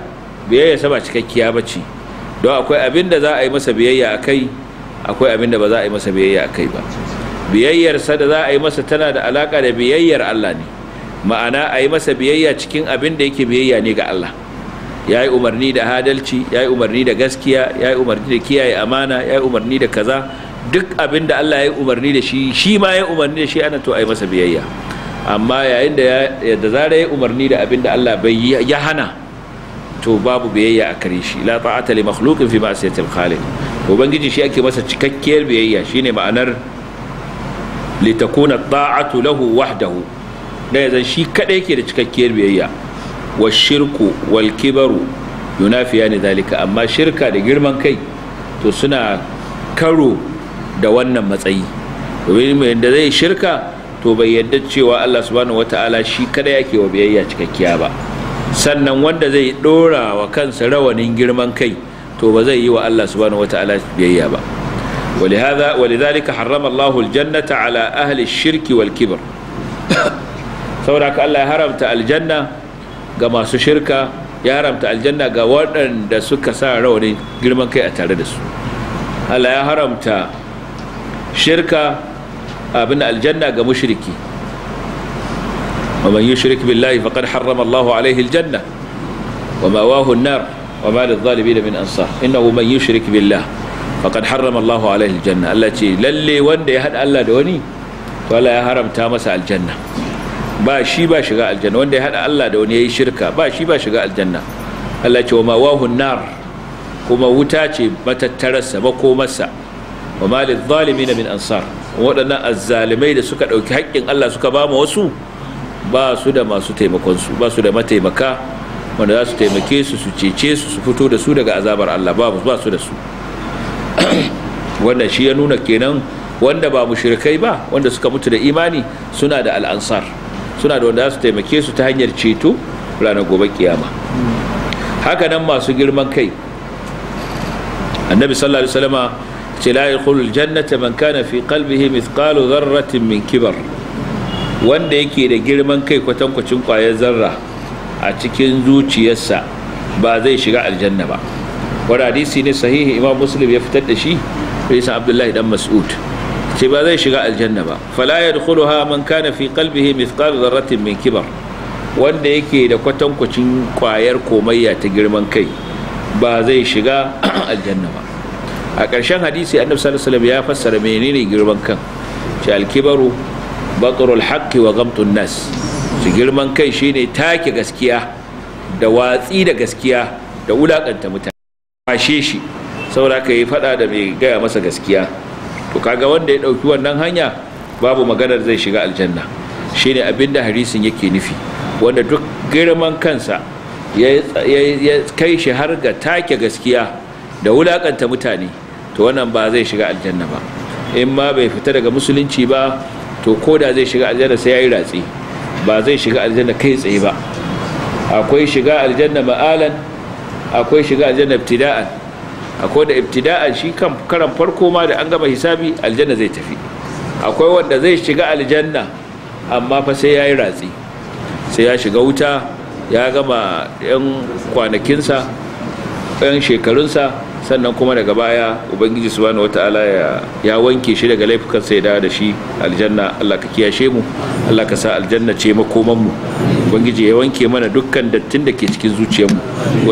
biyayya sa ba cikakkiya ba ce don akwai abin da za a yi masa biyayya a kai akwai abin da ba za a yi masa biyayya a kai ba biyayyarsa da za a yi masa tana da alaka da biyayyar Allah ne ma'ana a yi masa biyayya cikin abin da yake biyayya ne ga Allah ya yi umarni da hadalci ya yi umarni da gaskiya ya yi umarni da kiyaye amana ya yi umarni da kaza duk abin da Allah ya yi umarni da shi shi ma ya yi umarni da shi ana to a yi masa biyayya amma yayin da da zarai umarni da abin da Allah bai ya hana to babu biyayya a kare shi la ta'ata li makhluqin fi ma'siyati al-khaliq ubangiji shi ake masa cikakkiyar biyayya shine ma'anar li takuna ta'atu lahu wahdahu da yanzu shi kadai yake da cikakkiyar biyayya wa shirku wal kibaru ne zalika amma shirka da girman kai to suna karo da wannan matsayi domin da zai shirka to bai yadda cewa Allah subhanahu wata'ala shi kada yake wa biyayya cikakkiya ba sannan wanda zai ɗora wa kansa rawanin girman kai to ba zai yi wa Allah subhanahu wata'ala biyayya ba ولهذا ولذلك حرم الله الجنة على أهل الشرك والكبر saboda Allah ya haramta aljanna ga masu shirka ya haramta aljanna ga waɗanda suka sa rawanin girman kai a tare da su Allah ya haramta shirka abin aljanna ga mushriki wa man yushrik billahi faqad harrama Allahu alaihi aljanna wa mawahu an-nar wa ma lidh alaihi aljanna Allah ce ya hada Allah da wani ya haramta masa aljanna ba shi ba shiga aljanna wanda ya hada Allah da wani shirka ba shi ba shiga aljanna wa malil zalimin min ansar waɗannan azzalimai da suka ɗauki haƙƙin Allah suka ba mu wasu ba su da masu taimakon su ba su da mataimaka wanda za su taimake su su cece su su fito da su daga azabar Allah ba ba su da su [CLEARS THROAT] wannan shi ya nuna kenan wanda ba mushrikai ba wanda suka mutu da imani suna da al'ansar suna da wanda za su taimake su ta hanyar ceto ranar gobe kiyama haka nan masu girman kai annabi sallallahu alaihi wasallama ce la yadkhulul jannata man kana fi qalbihi mithqalu dharratin min kibar wanda yake da girman kai kwatankwacin kwayar zarra a cikin zuciyarsa ba zai shiga aljanna ba wani hadisi ne sahihi imam muslim ya fitar da shi hadisin abdullahi dan mas'ud ce ba zai shiga aljanna ba fala yadkhuluha man kana fi qalbihi mithqal dharratin min kibar wanda yake da kwatankwacin kwayar komayya ta girman kai ba zai shiga [COUGHS] aljanna ba a ƙarshen hadisi annabi sallallahu alaihi ya fassara menene girman kan shi alkibaru baqrul haqqi wa gamtun nas shi girman kai shine take gaskiya da watsi da gaskiya da wulakanta mutane kwashe shi saboda ka yi fada da mai gaya masa gaskiya to kaga wanda ya ɗauki wannan hanya babu maganar zai shiga aljanna shine abinda harisin yake nufi wanda duk girman kansa ya kai shi har ga take gaskiya da wulakanta mutane to wannan ba zai shiga aljanna ba in ma bai fita daga musulunci ba to ko da zai shiga aljanna sai ya yi ratsi ba zai shiga aljanna kai tsaye ba akwai shiga aljanna ma'alan akwai shiga aljanna ibtida'an akwai da ibtida'an shi kan karan farko ma da an gama hisabi aljanna zai tafi akwai wanda zai shiga aljanna amma fa sai ya yi ratsi sai ya shiga wuta ya gama 'yan kwanakinsa ɗan shekarunsa sannan kuma daga baya ubangiji subhanahu wata'ala ya wanke shi daga laifukan saida da da shi aljanna Allah ka kiyashe mu Allah ka sa aljanna ce makoman mu ubangiji ya wanke mana dukkan dattin da ke cikin zuciyar mu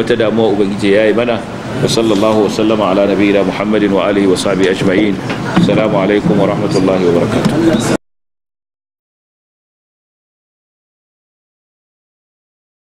wata damuwa ubangiji ya yi mana wa sallallahu wa sallama ala nabiyina muhammadin wa alihi wa sahbihi ajma'in assalamu alaikum wa rahmatullahi wa barakatuh